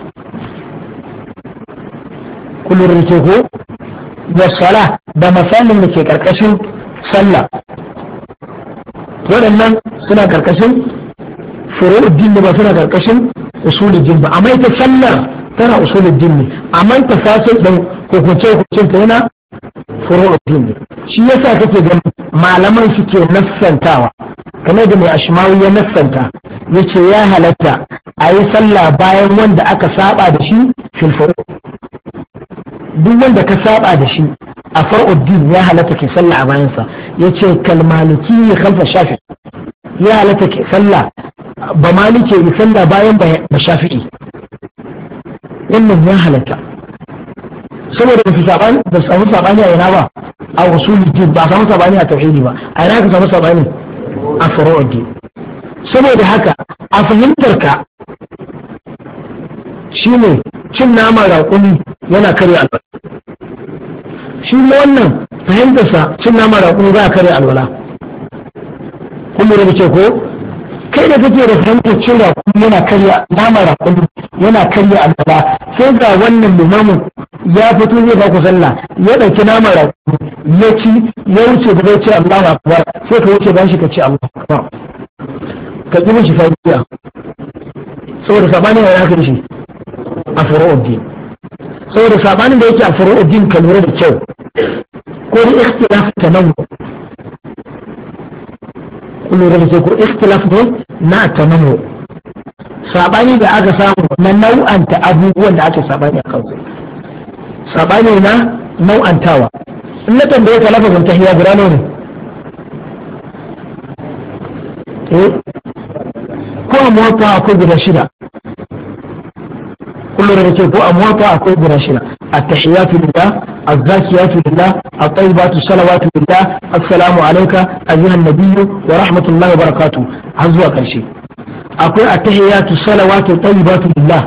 kullum rike ko da sala da masailin da ke karkashin sallah waɗannan suna karkashin ne ba suna karkashin usuluddin ba amma ita sallar tana usuluddin ne amma ta fasil din hukunce hukuncin ta yana furu'uddin ne shi yasa kake ga malaman suke nassantawa kamar da mai ashmawi ya nassanta yace ya halatta a yi sallah bayan wanda aka saba da shi fil duk wanda ka saba da shi a far'uddin ya halatta ke sallah a bayansa ya ce kalmaliki ya kalfa shafi ya halatta ke sallah ba malike ya sallah bayan ba shafi'i wannan ya halatta saboda ba su saɓani samu saɓani a yana ba a wasu din ba samu saɓani a tauhidi ba a yana ka samu saɓani a far'uddin saboda haka a fahimtar ka shine cin nama raƙumi yana karya albarka shi ma wannan fahimtarsa cin nama kuma za a kare alwala kuma da ce ko kai da kake da fahimtar cin kuma yana karya nama kuma yana karya alwala sai ga wannan limamin ya fito zai ba ku sallah ya ɗauki nama raƙumi ya ci ya wuce da zai ce Allahu akbar sai ka wuce ban shi ka ce Allahu akbar ka ƙi shi fadiya saboda sabanin ya haka shi a furu'uddin saboda sabanin da yake a furu'uddin ka lura da kyau ko da ikhtilaf ta nan ku lura da kyau ko ikhtilaf ne na ta nan sabani da aka samu na nau'anta abubuwan da ake sabani a kansu sabani na nau'antawa in na tambaye ka lafazin tahiyya guda ne eh? ko a mota akwai guda shida kullum da ce ko a mota akwai guda shida at-tahiyatu lillah az-zakiyatu lillah at-tayyibatu salawatu lillah assalamu alayka ayyuhan nabiyyu wa rahmatullahi wa barakatu. har zuwa karshe akwai a tu at-tahiyatu salawatu tayyibatu lillah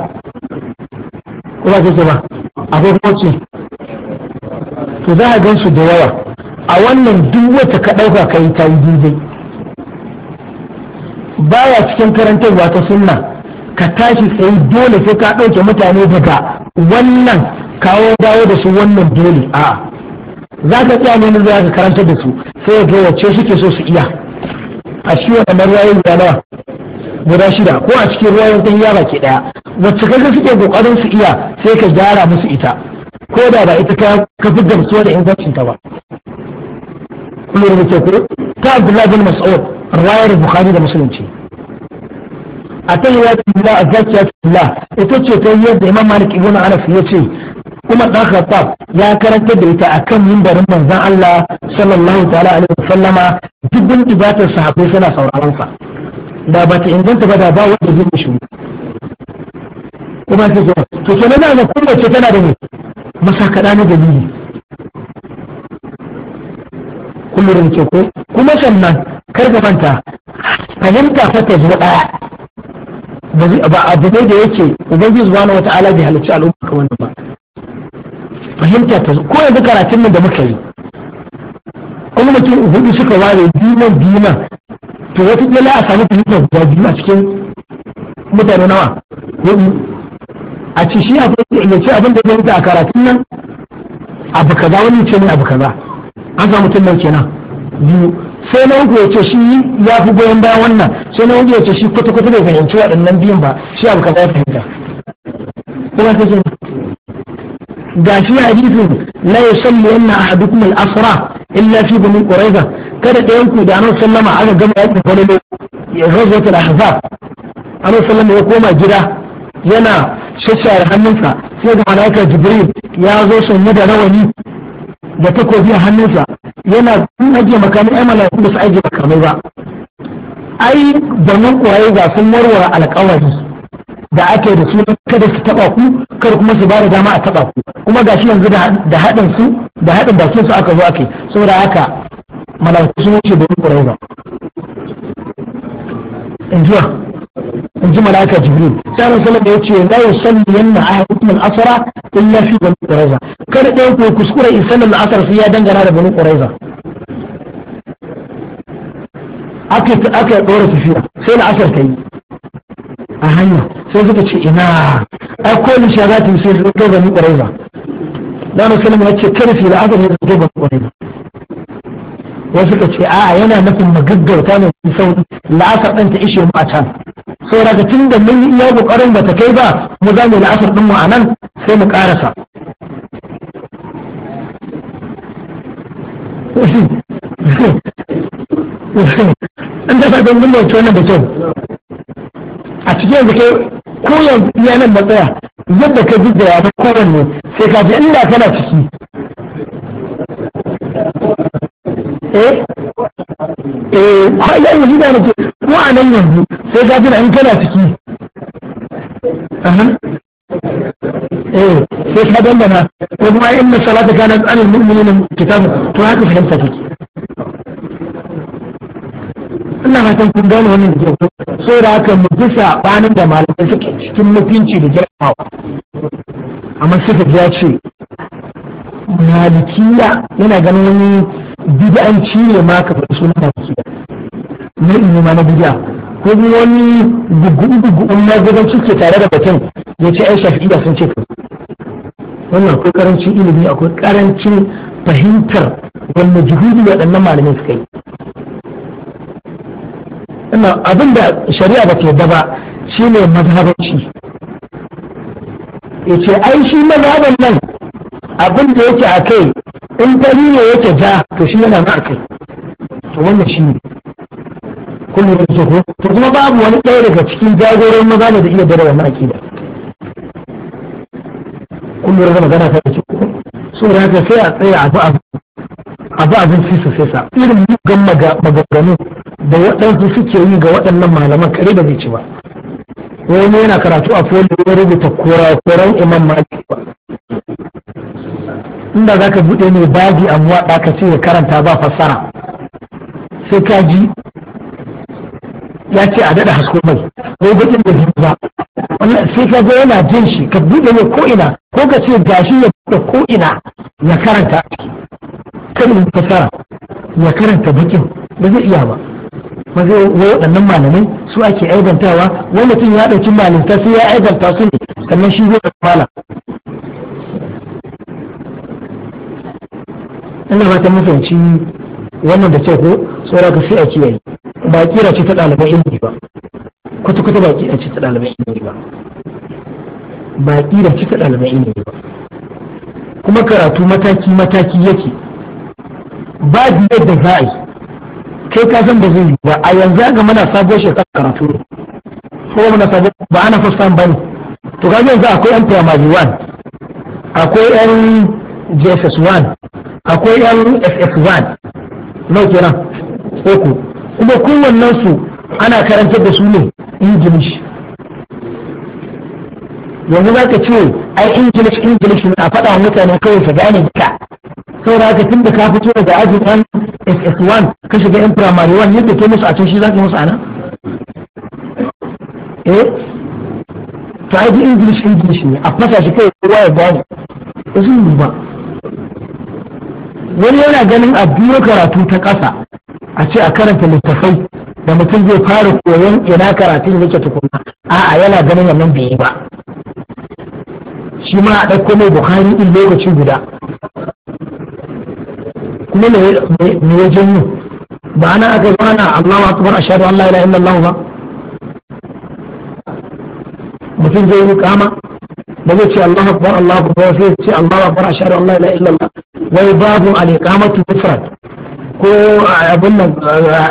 ko ba ce ba akwai kuma ce to za a gan su da yawa a wannan duk wata ka dauka kai ta yi daidai baya cikin karantarwa ta sunna ka tashi tsaye dole sai ka ɗauke mutane daga wannan kawo dawo da su wannan dole a za ka tsaya ne za ka karanta da su sai ga wacce suke so su iya a shi wannan ruwayoyi guda nawa guda shida ko a cikin ruwayoyin ɗan yara ke ɗaya wacce kaga suke kokarin su iya sai ka gyara musu ita ko da ba ita ka ka fi gamsuwa da ingancin ta ba kullum da ke ta Abdullahi bin Mas'ud riwayar Bukhari da Musulunci. yi a atahiyatullah azakiyatullah ita ce ta yadda imam malik ibn anas ya ce kuma dan khattab ya karanta da ita akan mimbarin manzon Allah sallallahu ta'ala alaihi wasallama dubin ibatar sahabbai suna sauraron sa da ba ta inganta ba da ba wanda zai mishi kuma ta zuwa to kenan na kuma ce tana da ne masakada na dalili kullum ce ko kuma sannan kar ka manta fahimta fa ta zo daya ba abu ne da yake ubangiji wata ala bai halarci al'umma ka wannan ba fahimta ta ko yanzu karatun nan da muka yi kuma mutum hudu suka ware biman biman to wata kila a samu fahimtar guda biyu a cikin mutane nawa hudu a ci shi a fahimta ya ce abin da ya a karatun nan abu kaza wani ce ne abu kaza an samu mutum nan kenan biyu sai na uku ce shi ya fi goyon bayan wannan sai na uku ya ce shi kwata-kwata bai fahimci waɗannan biyun ba shi abu kaza ya fahimta kuma ta ce ga shi hadisin la yusalli anna ahadukum al-asra illa fi bani quraiza kada da ku da annabi sallama aka gama yakin falalo ya razzata da ahzab annabi sallama ya koma gida yana shashare hannunsa sai ga mala'ikar jibril ya zo sanye da rawani da takobi a hannunsa yana sun ajiye makamai ai mala'iku ba su ajiye makamai ba ai domin kwaye ga sun warware alkawari da ake da su kada su taba ku kar kuma su bada dama a taba ku kuma gashi yanzu da haɗin su da haɗin bakin su aka zo ake saboda haka mala'iku sun wuce domin kwaye ba in in ji malaka jibril sai ran sallama ya ce la yusalli yanna ahadukum al-asra illa fi bani quraiza kada dai ku kuskure in sallan al-asr sai ya dangana da bani quraiza aka aka dora tafiya sai al-asr kai a hanya sai suka ce ina ai ko ni shaga tun sai zo bani quraiza dan sallama ya ce kada fi al-asr ya zo bani quraiza wasu ka ce a'a yana nufin magaggauta ne sau la'asar ɗan ta ishe mu a can daga tun da mun yi iya kokarin ba ta kai ba mu za mu la'asar din mu a nan sai mu karasa an dafa don mun bauta da kyau a cikin yanzu kai koyon yanzu matsaya yadda ka ji da yaran kowanne sai ka ji inda kana ciki eh eh har yanzu da nake ko a nan yanzu sai ka tuna in kana ciki eh sai ka dandana ko kuma in na salata kanat tsanin mu'minina kitabu to haka fahimta take ina fatan kun gano wannan da kyau so da haka mu bisa banin da malamai suke cikin mutunci da girmamawa amma suka ya ce malikiya yana ganin wani bid'anci ne ma ka faɗi sunan malikiya na ma na bid'a ko wani gugu-gugun na gudanci ke tare da batun ya ce ai shafi'iyya sun ce wannan akwai karancin ilimi akwai karancin fahimtar wannan juhudi waɗannan malamai suka yi ina abin da shari'a ba ta yadda ba shine mazhabanci ya ce ai shi mazhaban nan abin da yake a kai in fari ne yake ja to shi yana na kai to wannan shi ne kullum da zuhu to kuma babu wani ɗaya daga cikin jagoran maza ne da iya dare wannan akida kullum da magana ta ce ko so da haka sai a tsaya abu a ba abin fi su sai sa irin mugan maganganu da waɗansu suke yi ga waɗannan malaman kare da zai ci ba wani yana karatu a foli ya rubuta kura koran imam malik ba inda za ka buɗe mai babi a muwaɗa ka ce ya karanta ba fassara sai ka ji ya ce a daɗa hasko mai ko baƙin da biyu ba sai ka ga yana jin shi ka buɗe mai ko'ina ko ka ce gashi ya buɗe ko'ina ya karanta kalin fassara ya karanta baƙin ba zai iya ba ba zai waɗannan malamai su ake aibantawa wani mutum ya ɗauki malinta sai ya aibanta su ne sannan shi zai malam ina ta mafanci wannan da cewa ko saura ka sai a kiyaye ba kira ce ta ɗaliban ilimi ba kwata kwata ba kira ce ta ɗaliban ilimi ba ba kira ce ta ɗaliban ilimi ba kuma karatu mataki mataki yake ba biyar da za a yi kai ka san ba zai yi ba a yanzu ga mana sabuwar shekara karatu ko mana sabuwar ba ana fasta ba ne to ga yanzu akwai an primary one akwai an jss one akwai yan ss1 nau kenan uku kuma kowannen su ana karantar da su ne ingilish yanzu za ka ce ai ingilish ingilish ne a faɗa mutane kawai su gane sau da haka tun da ka fito daga ajin yan ss1 ka shiga yan primary 1 yadda ke musu a can shi za ka musu ana eh to ai english english ne a fasa shi kai ruwa ya gane ba zai yi ba wani yana ganin a biyo karatu ta ƙasa a ce a karanta littafai da mutum zai fara koyon ina karatun yake tukuna a'a yana ganin wannan bai yi ba shi ma a ɗauko mai bukari in lokaci guda kuma me ya janyo ba ana aka na Allah wa akbar ashhadu an la ilaha illallah ba mutum zai yi kama ba zai ce Allahu akbar Allahu akbar sai ce Allahu akbar ashhadu an la ilaha illallah wai babu al-iqamatu mufrad ko abin nan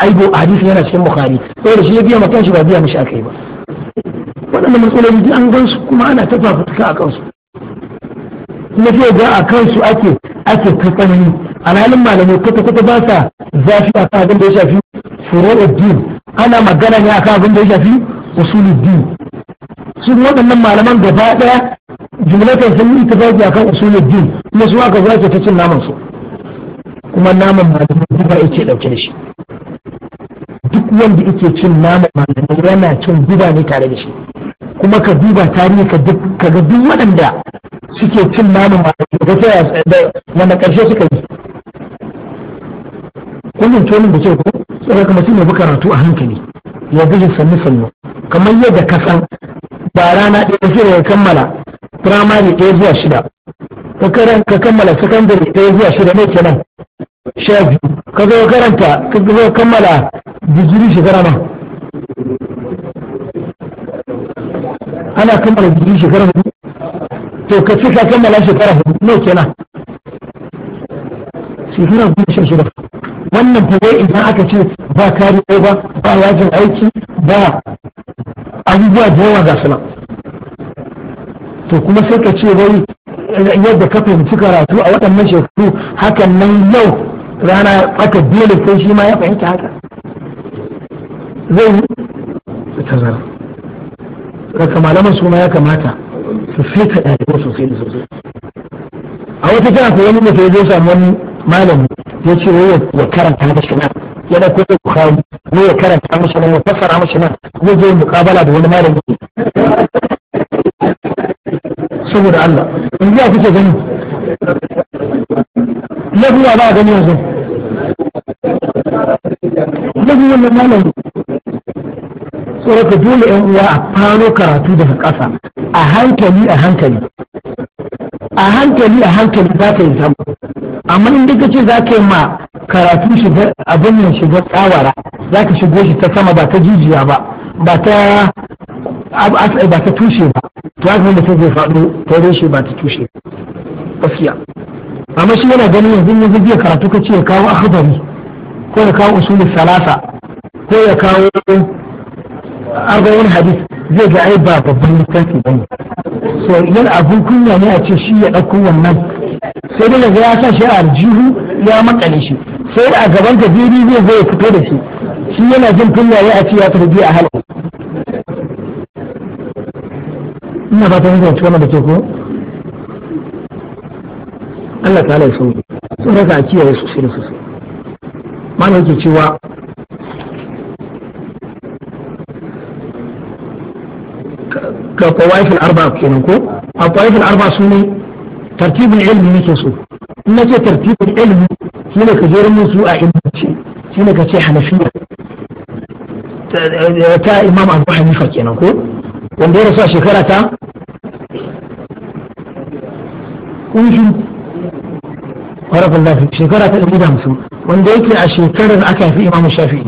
aibu hadisi yana cikin bukhari saboda shi ya biya makan shi ba biya mishi akai ba waɗannan matsaloli duk an gansu kuma ana ta fafutuka a kansu kuma sai ga a kansu ake ake A alhalin malamai kwata kwata ba sa zafi a kan abin da ya shafi furu'uddin ana magana ne a kan abin da ya shafi usuluddin su waɗannan malaman gaba ɗaya jumlatan sun yi tafaki a kan usulul din kuma su aka zace ta cin naman su kuma naman malamai guba yake dauke da shi duk wanda yake cin naman malamai yana cin guba ne tare da shi kuma ka duba tarihi ka duk ka ga duk waɗanda suke cin naman malamai ga ta wanda karshe suka yi kullum tonin da ke ko sai kuma ne bi karatu a hankali ya bi sannu sannu kamar yadda ka san ba rana ɗaya sai ya kammala firamare ɗaya zuwa shida ka kammala sakandare ɗaya zuwa shida ne kenan sha biyu ka zo karanta ka zo kammala digiri shekara ma ana kammala digiri shekara hudu to ka ce ka kammala shekara hudu ne kenan shekara hudu sha shida wannan fa wai idan aka ce ba kari ba ba yajin aiki ba abubuwa da yawa ga su to kuma sai ka ce wai eh, yadda ka fahimci karatu a waɗannan shekaru hakan nan yau rana aka dole sai shi ma ya fahimta haka zai yi tazara daga malaman su ma ya kamata su fita ɗalibai sosai da sosai a wata jihar ko wani mutum zai samu wani malam ya ce wai ya karanta da shi yana ya da kuma ne ya karanta mashi nan ya fassara mashi nan zai je mukabala da wani malami saboda Allah in ya kuke gani lafiya ba a gani yanzu lafiya na malami tsoraka dole yan uwa a faro karatu daga ƙasa a hankali a hankali a hankali a hankali za ka yi zama amma in duka ce za ka yi ma karatu shigar abin yin shigar tsawara za ka shigo shi ta sama ba ta jijiya ba ba ta ba ta tushe ba kafin mutum zai faɗo ta reshe ba ta tushe gaskiya amma shi yana ganin yanzu yanzu zai karatu ka ce ya kawo akhbari ko ya kawo usulul salasa ko ya kawo arba'in hadis zai ga ai ba babban littafi bane so yan abun kunya ne a ce shi ya ɗauko wannan sai dai daga ya sa shi a aljihu ya makale shi sai a gaban ka bibi zai ya fito da shi shi yana jin kunya ya a ce ya tarbi a halin ina ba ta mun fahimci wannan da ke ko Allah ta halaye sauki sun raka a su sosai da sosai mana yake cewa ka kawaifin arba kenan ko a kawaifin arba su ne tartibin ilmi nake so in na ce tartibin ilmi shi ne ka jerin musu a ilmice shi ne ka ce hanafiya ta imam abu hanifa kenan ko wanda ya rasu a shekara ta kun shi warafin lafi shekara ta ɗari da hamsin wanda yake a shekarar aka haifi imamu shafi'i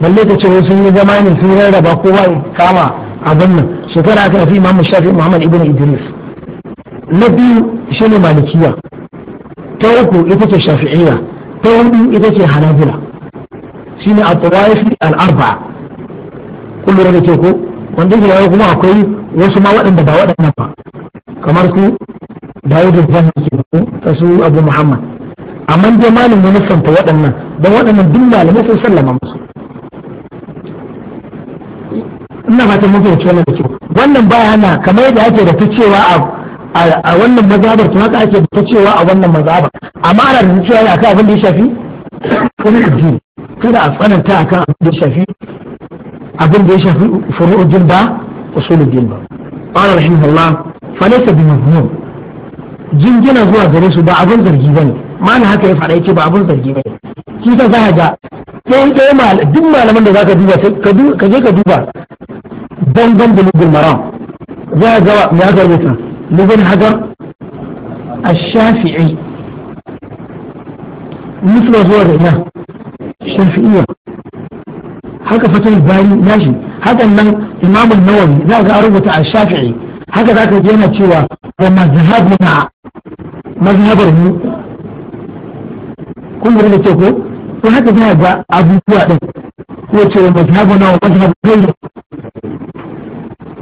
balle ta ce sun yi zama ne sun rarraba kowa ya kama abin nan shekara aka haifi imamu shafi'i muhammad ibn idris na biyu shi ne malikiya ta uku ita ce shafi'iyya ta hudu ita ce hanabila shi ne a tsawafi al'arba kullum da ke ko wanda ke yawo kuma akwai wasu ma waɗanda ba waɗannan ba kamar su dawud al-fahmi ke ta su abu muhammad amma dai malin ya nufanta waɗannan don waɗannan duk malamai sun sallama musu ina ba fata mun fahimci wannan da kyau wannan baya na kamar yadda ake da ta cewa a wannan mazhabar to haka ake da ta cewa a wannan mazhabar amma ana da cewa ne akan abin da ya shafi kuma addini kada a tsananta akan abin da ya shafi abin da ya shafi furu'uddin ba usulul din ba qala rahimahullah falaita bi mazmum jingina zuwa gare ba abin zargi bane mana haka ya faɗa yake ba abin zargi bane shi ka za ga ɗaya duk malaman da za ka duba ka ka duba bangon da lubin maram za a gawa ya ga rubuta lubin hajar a shafi'i musulun zuwa da ina shafi'iyya haka fatan bari nashi hakan nan za a ga rubuta a shafi'i haka za ka ji yana cewa wa mazhabuna mazhabar mu kun da ce ko to haka za ga abubuwa din ko ce wa mazhabuna wa mazhab ghayr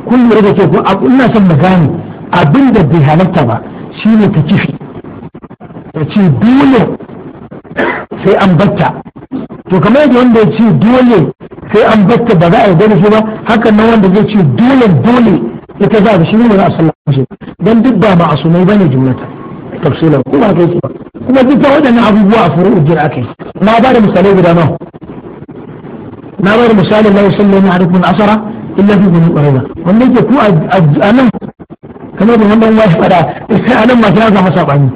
kun da ce ko abu ina son magani abin da bai halatta ba shine ta kifi ta ce dole sai an batta to kamar yadda wanda ya ce dole sai an batta ba za a yi gani ba hakan nan wanda zai ce dole dole ita za ka shi ne a sallama shi don duk ba ma'asumai bane jumlata tafsilan ko ba kai ba kuma duk da waɗannan abubuwa a furu ujjira akai na ba da misalai guda nawa na ba da misalin la yusallimu alaikum asara illa fi gudun qurayza wanda yake ku a nan kamar da wanda wai fada sai a nan masu sai ga masabani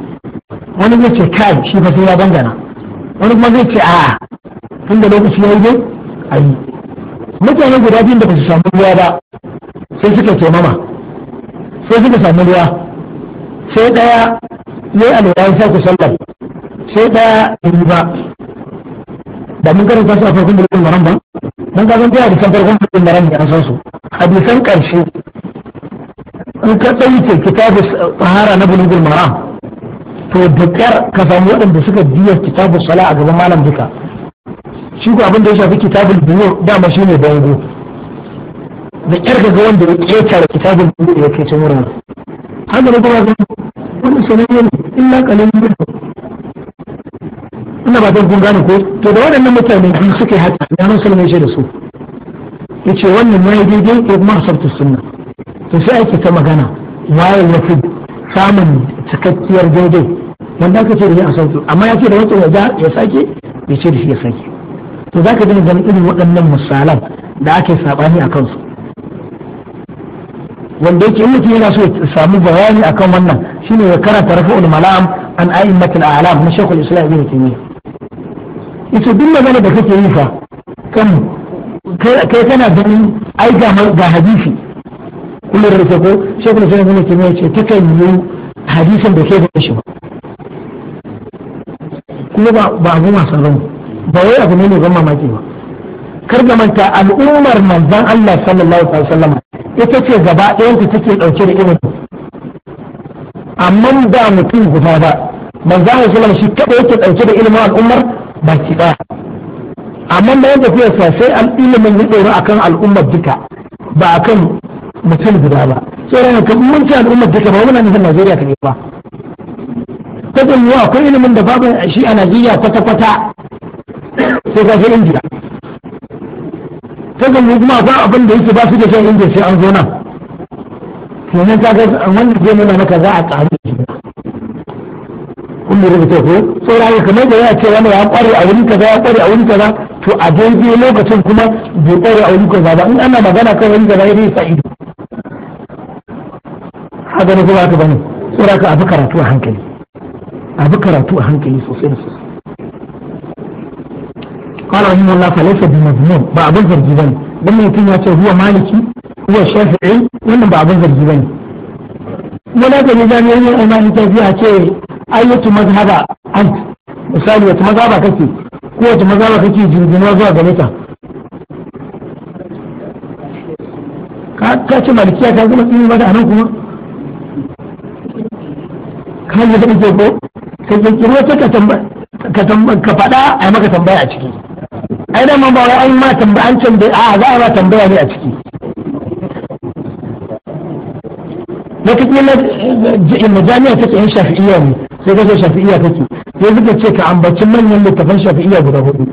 wani zai ce kai shi fa sai ya bangana wani kuma zai ce a da lokaci ya yayi dai yi mutane guda biyun da ba su samu ruwa ba sai suka taimama sai suka samu ruwa sai daya ya alwala ya ku sallar sai daya ya yi ba da mun karanta su a farkon bulutun maran ba mun ka san da hadisan farkon bulutun maran ne an san su hadisan karshe in ka ɗauke kitabu tsahara na bulugul maran to da ka samu waɗanda suka biya kitabu sala a gaban malam duka shi ko abin da ya shafi kitabul biyu dama shine bango da kyar ga wanda ya da kitabun da ya kai can wurin haka da kuma zan wani sanayya ne illa kalin yin ina ba zan kun gane ko to da waɗannan mutane biyu suka yi haka ya nan sulmai shi da su ya ce wannan ya yi daidai ya kuma hasabta sunna to sai ake ta magana waye ya fi samun cikakkiyar daidai wanda aka ce da ya asabtu amma ya ce da wata waje ya sake ya ce da shi ya sake to za ka gani ganin irin waɗannan misalan da ake saɓani a kansu wanda yake mutum yana so ya samu bayani akan wannan shine ya karanta rafa'ul malam an a'immatul a'lam na shaykhul islam ibn taymiyyah ita duk magana da kake yi fa kan kai kana ganin ai ga ga hadisi kullum da ko shaykhul islam ibn taymiyyah ce ta kan yi hadisin da ke da shi ba kuma ba ba abu masu rauni ba wai abu ne ban mamaki ba kar da manta al'ummar manzon Allah sallallahu alaihi wasallam ita ce gaba ɗayanta take ɗauke da irin amma da mutum guda ba ban za manzan musulun shi kaɗai yake ɗauke da ilimin al'ummar baki ɗaya amma bayan tafiyarsa sai al ilimin ya ɗora akan al'ummar duka ba akan mutum guda ba sai ran kan mun ci al'ummar duka ba muna nufin Najeriya kaɗai ba ta akwai ilimin da babu shi a Najeriya kwata-kwata sai ga Indiya kaga mu kuma akwai abin da yake ba su da shan inda sai an zo nan kenan kaga wannan zai nuna maka za a ƙaru da shi kun lura da ko saurayi kamar da yana cewa ya ƙware a wurin kaza ya ƙware a wurin kaza to a daidai lokacin kuma bai ƙware a wurin kaza ba in ana magana kan wurin kaza ya sa ido haka ne ko ba ka bane saboda ka abu karatu a hankali abu karatu a hankali sosai da sosai قال رحمه الله فليس بمذموم بعض الزرجبان لما يكون هو مالكي هو شافعي ولا بعض الزرجبان ولا تجدان يعني أمان تبيع شيء أية مذهب أنت misali wata maza ba kake ko wata maza ba kake jirginuwa zuwa gare ka ce malikiya ka zama tsini ba da anan ka yi da ke ko ka kirkiro ta ka faɗa a maka tambaya a ciki ai da man ba wai an ma tambaya an tambaya a za a ma tambaya ne a ciki lokacin na majami'a take yin shafi'iyya ne sai kace shafi'iyya kake sai suka ce ka ambaci manyan littafan shafi'iyya guda hudu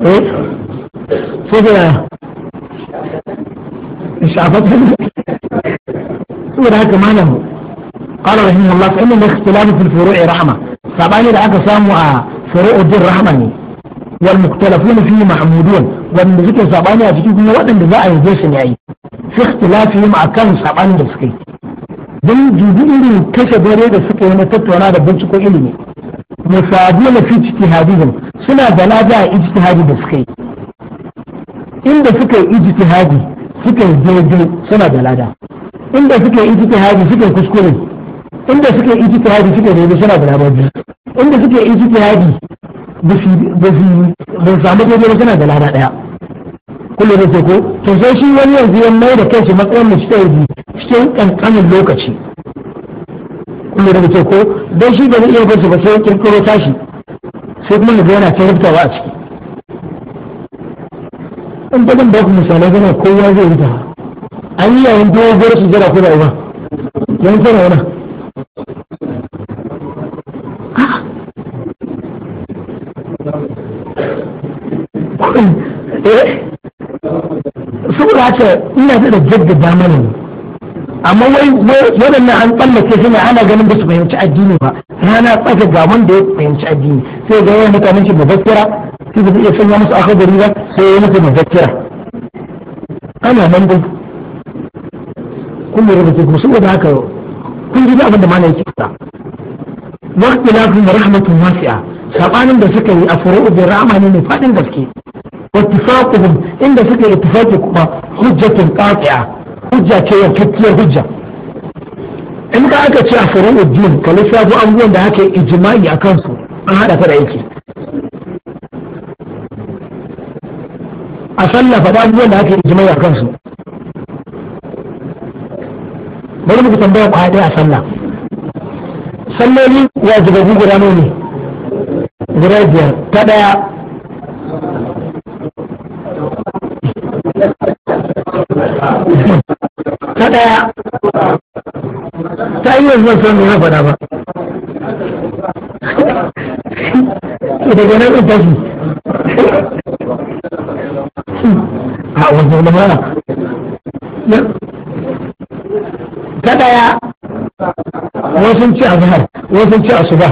eh sai da shafatin saboda haka malamu قال رحمه الله فإن الاختلاف في الفروع رحمة سبعين لأك سامع فروع الدين رحمة والمختلفون فيه محمودون وأن ذكر سبعين أتكي كل وقت أن ذا أيديس يعني في اختلافهم أكان سبعين دسكي don dubi irin kashe dare da suka yi na tattauna da binciko ilimi musadiya fi ijtihadihim suna da inda suka yi ijtihadi suka yi daidai suna da lada inda suka yi ijtihadi suka yi kuskure inda suke haɗi suke daidai suna da labar biyu inda suke ijtihadi ba su ba su samu daidai suna da labar daya kullum da ko to sai shi wani yanzu ya mai da kanshi matsayin mujtahidi cikin kankanin lokaci kullum da ko don shi ba zai iya su ba sai kirkiro tashi sai kuma da yana ta rubtawa a ciki in ba zan ba ku misalai gana kowa zai yi ta an yi yayin dogon su jira ko da uba yan sana wani Eh, saboda haka ina da jaddada mana ne amma wai waɗannan an tsallake shi ne ana ganin ba su fahimci addini ba rana tsaka ga wanda ya fahimci addini sai ga yawan mutanen shi mubakkira sai ba iya sanya musu gari ba sai ya mutu mubakkira ana nan dai kun lura da kuma saboda haka kun ji abin da mana yake fita واختلافهم رحمة واسعة sabanin da suka yi a furu'u bi ramani ne fadin gaske wattifaquhum inda suka yi ittifaqi kuma hujjatun qati'a hujja ce yankakkiyar hujja in ka aka ce a furu'u din ka lissafo abubuwan da aka yi ijma'i a kansu an hada ta da yake a sallah faɗa abubuwan da ake yi ijma'i a kansu bari muku tambaya ku haɗe a sallah salloli wajibabu guda nuni guda biyar ta daya ta daya ta yi yanzu san nuna fada ba daga nan in a wajen da mana ta daya wasu ci ci zahar wasu sun ci asuba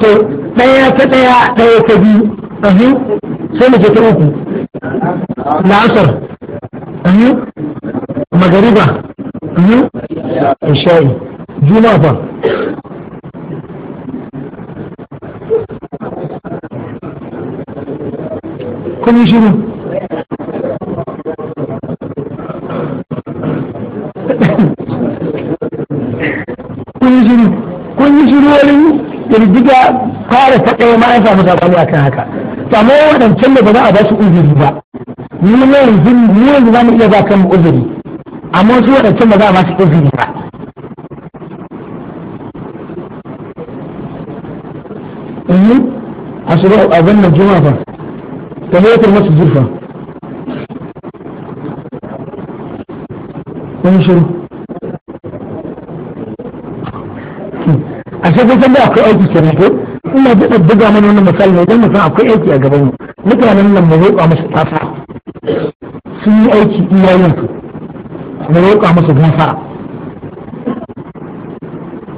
to ɗaya ta ɗaya ɗaya ta biyu ahu sai mu je ta uku la'asar ahu magariba ahu isha'i juma'a ba. kun yi shiru bishiyoyin girgiga fara ta ɗaya ma an samu sabani akan haka amma wadancan da ba za a ba su uzuri ba ni yanzu ni yanzu za mu iya ba kan uzuri amma su wadancan ba za a ba su uzuri ba in a shirin abin nan juma'a ba ta motar masu zurfa kun shiru a shafin sanda akwai aiki ke ko ina jiɗa buga mana wani misali ne don mutum akwai aiki a gaban mu mutanen nan mu roƙa musu tafa sun yi aiki iyayen su mu roƙa musu gafara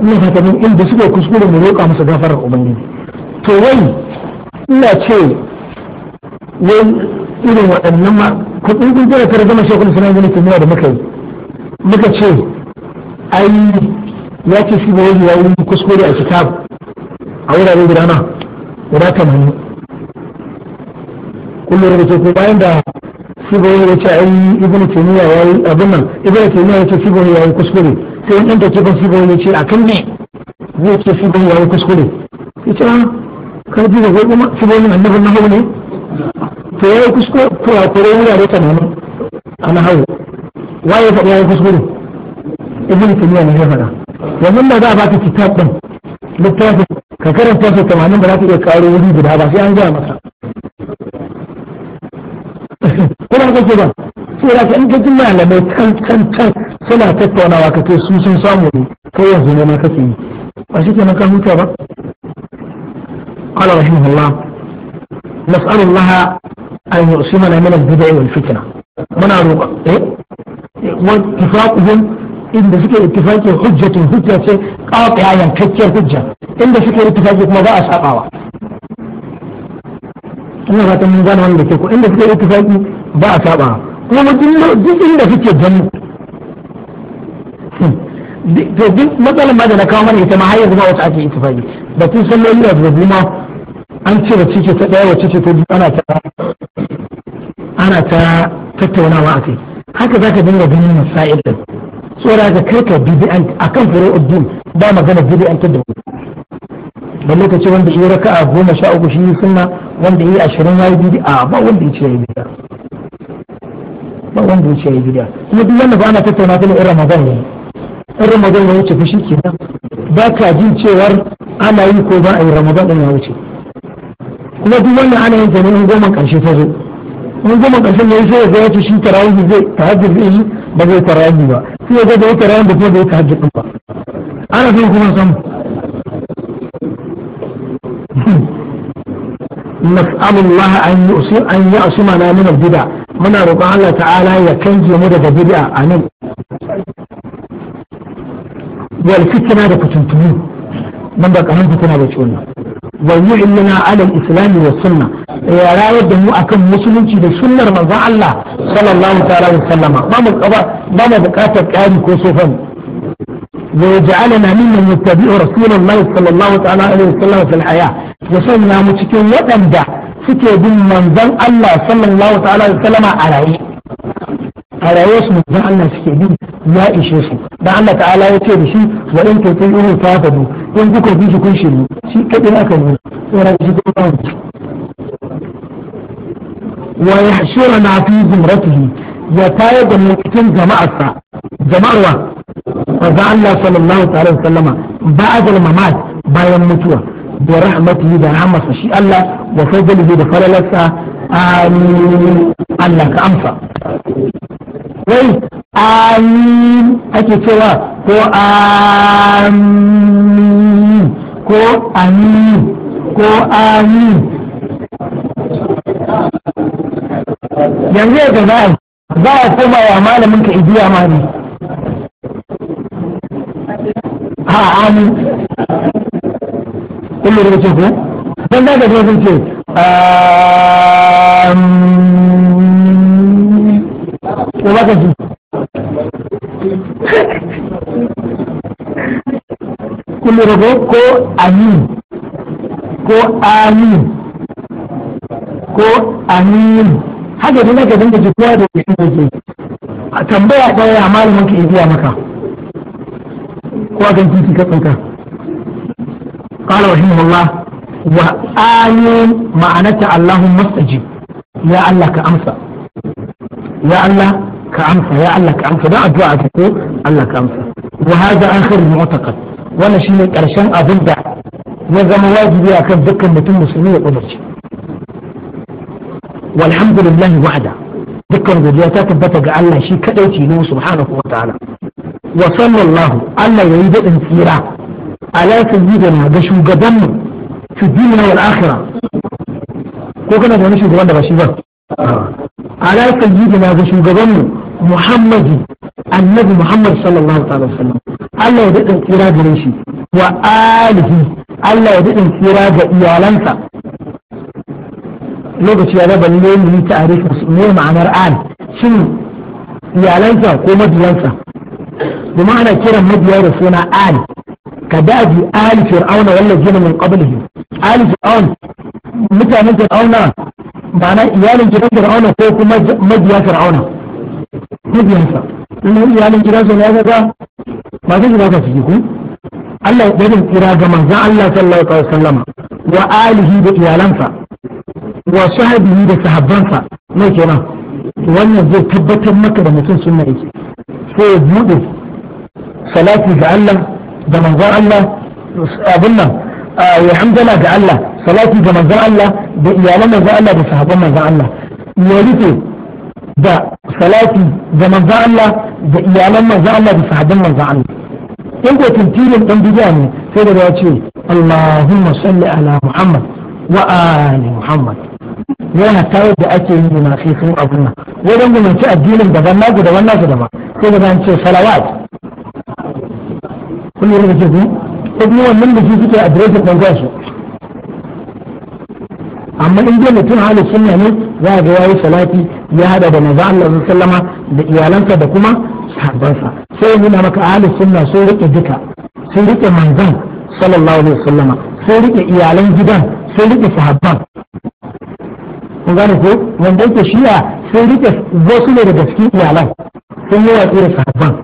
ina fata mun inda suka kuskure mu roƙa musu gafarar ubangiji to wai ina ce wai irin waɗannan ma kuɗin kun jira kare zama shekul suna gani kuma da muka yi muka ce ai ya ce shi bai ya yi kuskure a kitab a wurare guda na guda tamanin kullum da ce ko bayan da shi bai ya ce ai ibn taymiya ya yi abin nan ibn taymiya ya ce shi ya yi kuskure sai wani ɗan take ban shi bai ya ce akan ne zai ce shi bai ya yi kuskure ya ce ah, ka ji da gobe ma shi bai annabin na hau ne to ya yi kuskure kurakure wurare a na hau waye faɗi ya yi kuskure ibn taymiya ne ya faɗa yanzu da za a baka kitab din littafin ka karanta su tamanin ba za ka iya karo wuri guda ba sai an gaya maka kuna kake ba sai da ka in ka jin malamai kan kan kan suna tattaunawa ka ce su sun samu ne kai yanzu ne ma kake yi ba shi kenan ka huta ba قال رحمه الله نسأل الله أن يعصمنا من البدع والفتنة من أروق إيه؟ واتفاقهم inda suke ittifaki hujjatun hujja ce qati'a yankakkiyar hujja inda suke ittifaki kuma ba a sabawa ina fatan mun gane wanda ke ko inda suke ittifaki ba a sabawa kuma duk inda suke jannu to duk matsalar ma da na kawo mana ita ma har yanzu ba wata ake ittifaki batun salloli da rubuma an ce wacce ce ta daya wacce ce ta biyu ana ta ana ta tattaunawa a kai haka zaka dinga ganin masail din saboda ka kai a kan fure uddin, ba magana bid'an ta da da lokaci wanda yi a goma sha uku shi suna wanda yi ashirin ya yi bid'a ba wanda ya ce ya yi bid'a ba wanda ya ce ya yi bid'a kuma duk wanda ba ana tattauna ta ne irin Ramadan ne in Ramadan ya wuce fushi kenan ba ka jin cewar ana yi ko ba a yi Ramadan din ya wuce kuma duk wannan ana yin ta ne in goma karshe ta zo in goma karshen ne sai ya ce shi tarawih zai tahajjud zai yi ba zai tarawih ba sai ya da wuce ranar da kuma da wuce hajji ba ana zai kuma samu nas'alullah an yusi an ya'sima na min bid'a muna roƙon Allah ta'ala ya kange mu daga bid'a amin wal fitna da fitintunu nan wani ilmina alal islami da sunna ya rayar da mu akan musulunci da sunnar manzon Allah sallallahu ta'ala wa sallama ba mu ba ba mu bukatar ƙari ko sofan wa ja'alana mimman yattabi'u rasulullahi sallallahu ta'ala alaihi wa sallam fil haya wa sanna mu cikin waɗanda suke bin manzon Allah sallallahu ta'ala wa sallama a rayuwa a rayuwar su manzon Allah suke bi ya ishe su dan Allah ta'ala ya ce da shi wa in tuti'uhu fa'budu in kuka bi shi kun shiru shi kadai aka nuna sauran shi kuma wa na fi zumratihi ya tayar da mutum jama'arsa jama'ar wa manzo Allah sallallahu ta'ala sallama ba'da al-mamat bayan mutuwa da rahmatihi da rahmatsa shi Allah wa fadlihi da falalarsa amin Allah ka amsa wai amin ake cewa ko amin ko amin ko amin yanzu ya a za a koma wa malamin ka ibiya ma ne ha amin kullum da ce ko don da ga zai ce amin ko ba ka ji kullu rago ko amin ko amin ko amin haka kowa da a tambaya malamin ka iya maka ko a kan titi ka tsanka ya Allah ka amsa, ya Allah. ka amsa ya Allah ka amsa don addu'a ta ko Allah ka amsa wa hada akhir mu'taqad wannan shine karshen abin da ya zama wajibi akan dukkan mutum musulmi ya kudurce walhamdulillah wahda dukkan godiya ta tabbata ga Allah shi kadai tilo subhanahu wa ta'ala wa sallallahu Allah yayi dadin tsira ala sayyidina ga shugabanmu fi dunya wal akhirah ko kana da wani shugaban da ba shi ba ala sayyidina ga shugabanmu muhammadi annabi muhammad sallallahu alaihi wasallam Allah ya daɗin tsira gare wa alihi Allah ya daɗin tsira ga iyalansa lokaci ya raba ne mu yi ta'arifin su ne al shin iyalansa ko mabiyansa domin ana kiran mabiya da suna al ka daji al fir'auna wallazina min qablihi al fir'aun mutanen iyalin gidan fir'auna ko kuma mabiya fir'auna mabiyansa in iyalin gidansa ne ya ga ba zai shiga ka ciki ku Allah ya ɗarin kira ga manzan Allah sallallahu alaihi wasallama wa alihi da iyalansa wa sahabihi da sahabbansa mai kenan wannan zai tabbatar maka da mutum sunna yake sai ya buɗe salati ga Allah da manzan Allah abin nan ya hamdala ga Allah salati ga manzan Allah da iyalan manzan Allah da sahabban manzan Allah ya rufe da salati da manzan Allah da iyalan manzan Allah da sahabban manzan Allah in ko tuntirin ɗan bidiya ne sai da ya ce Allahumma salli ala Muhammad wa ali Muhammad yana tare da ake yin yi da nasihin na. nan wajen ci addinin da daban naku daban da ba. sai da zan ce salawat kun yi rubuce ku ko kuma wannan da shi suke adireshin ɗan kansu amma in dai mutum halin sunna ne za ga yayi salati ya hada da manzo Allah sallama da iyalansa da kuma sahabbansa sai nuna maka ahli sunna sun rike duka sun rike manzon sallallahu alaihi wasallama sun rike iyalan gidan sun rike sahabban kun gane ko wanda yake shi'a sun rike wasu ne daga cikin iyalan sun yi watsi da sahabban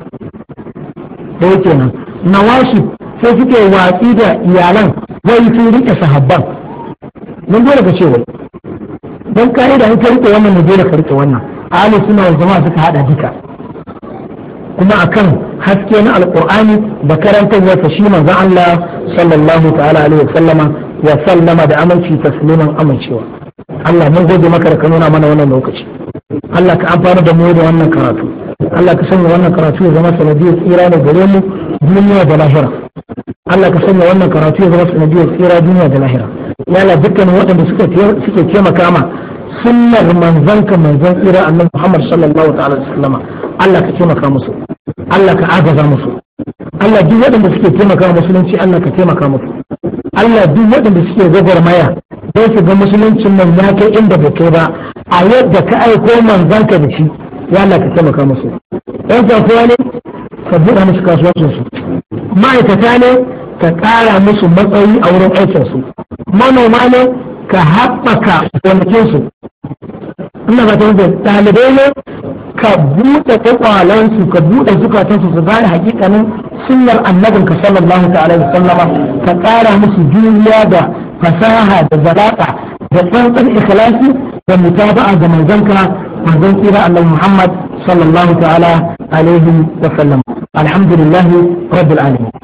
da yake nan nawashi sai suke watsi da iyalan wai sun rike sahabban mun dole ka ce wai don kare da ka rike wannan mujera ka rike wannan Ali suna wa jama'a suka hada duka kuma akan haske na alqur'ani da karantarwa ta shi manzon Allah sallallahu ta'ala alaihi wa sallama sallama da aminci tasliman amincewa Allah mun gode maka da ka nuna mana wannan lokaci Allah ka amfana da mu da wannan karatu Allah ka sanya wannan karatu ya zama sanadiyar tsira ne gare mu duniya da lahira Allah ka sanya wannan karatu ya zama sanadiyar tsira duniya da lahira Yala la dukkanin waɗanda suke taimaka ma sunnar manzanka manzan tsira annabi Muhammad sallallahu ta'ala sallama Allah ka taimaka musu Allah ka agaza musu Allah duk waɗanda suke taimaka musulunci Allah ka taimaka musu Allah duk waɗanda suke gwagwarmaya don su ga musuluncin nan ya kai inda ba kai ba a yadda ka aiko manzanka da shi ya Allah ka taimaka musu ɗan kasuwa ne ka buɗa musu kasuwancinsu ma'aikata ne ka ƙara musu matsayi a wurin aikinsu manoma ne ka haɓaka gonakinsu ina ba ta yi ɗalibai ne ka buɗe kwakwalansu ka buɗe zukatansu su gane hakikanin sunnar annabin ka sallallahu ta'ala wa sallama ka ƙara musu juriya da fasaha da zalaƙa da tsantsan ikhlasi da mutaba'a ga manzanka manzon kira Allah Muhammad sallallahu ta'ala alaihi wa sallam alhamdulillah rabbil alamin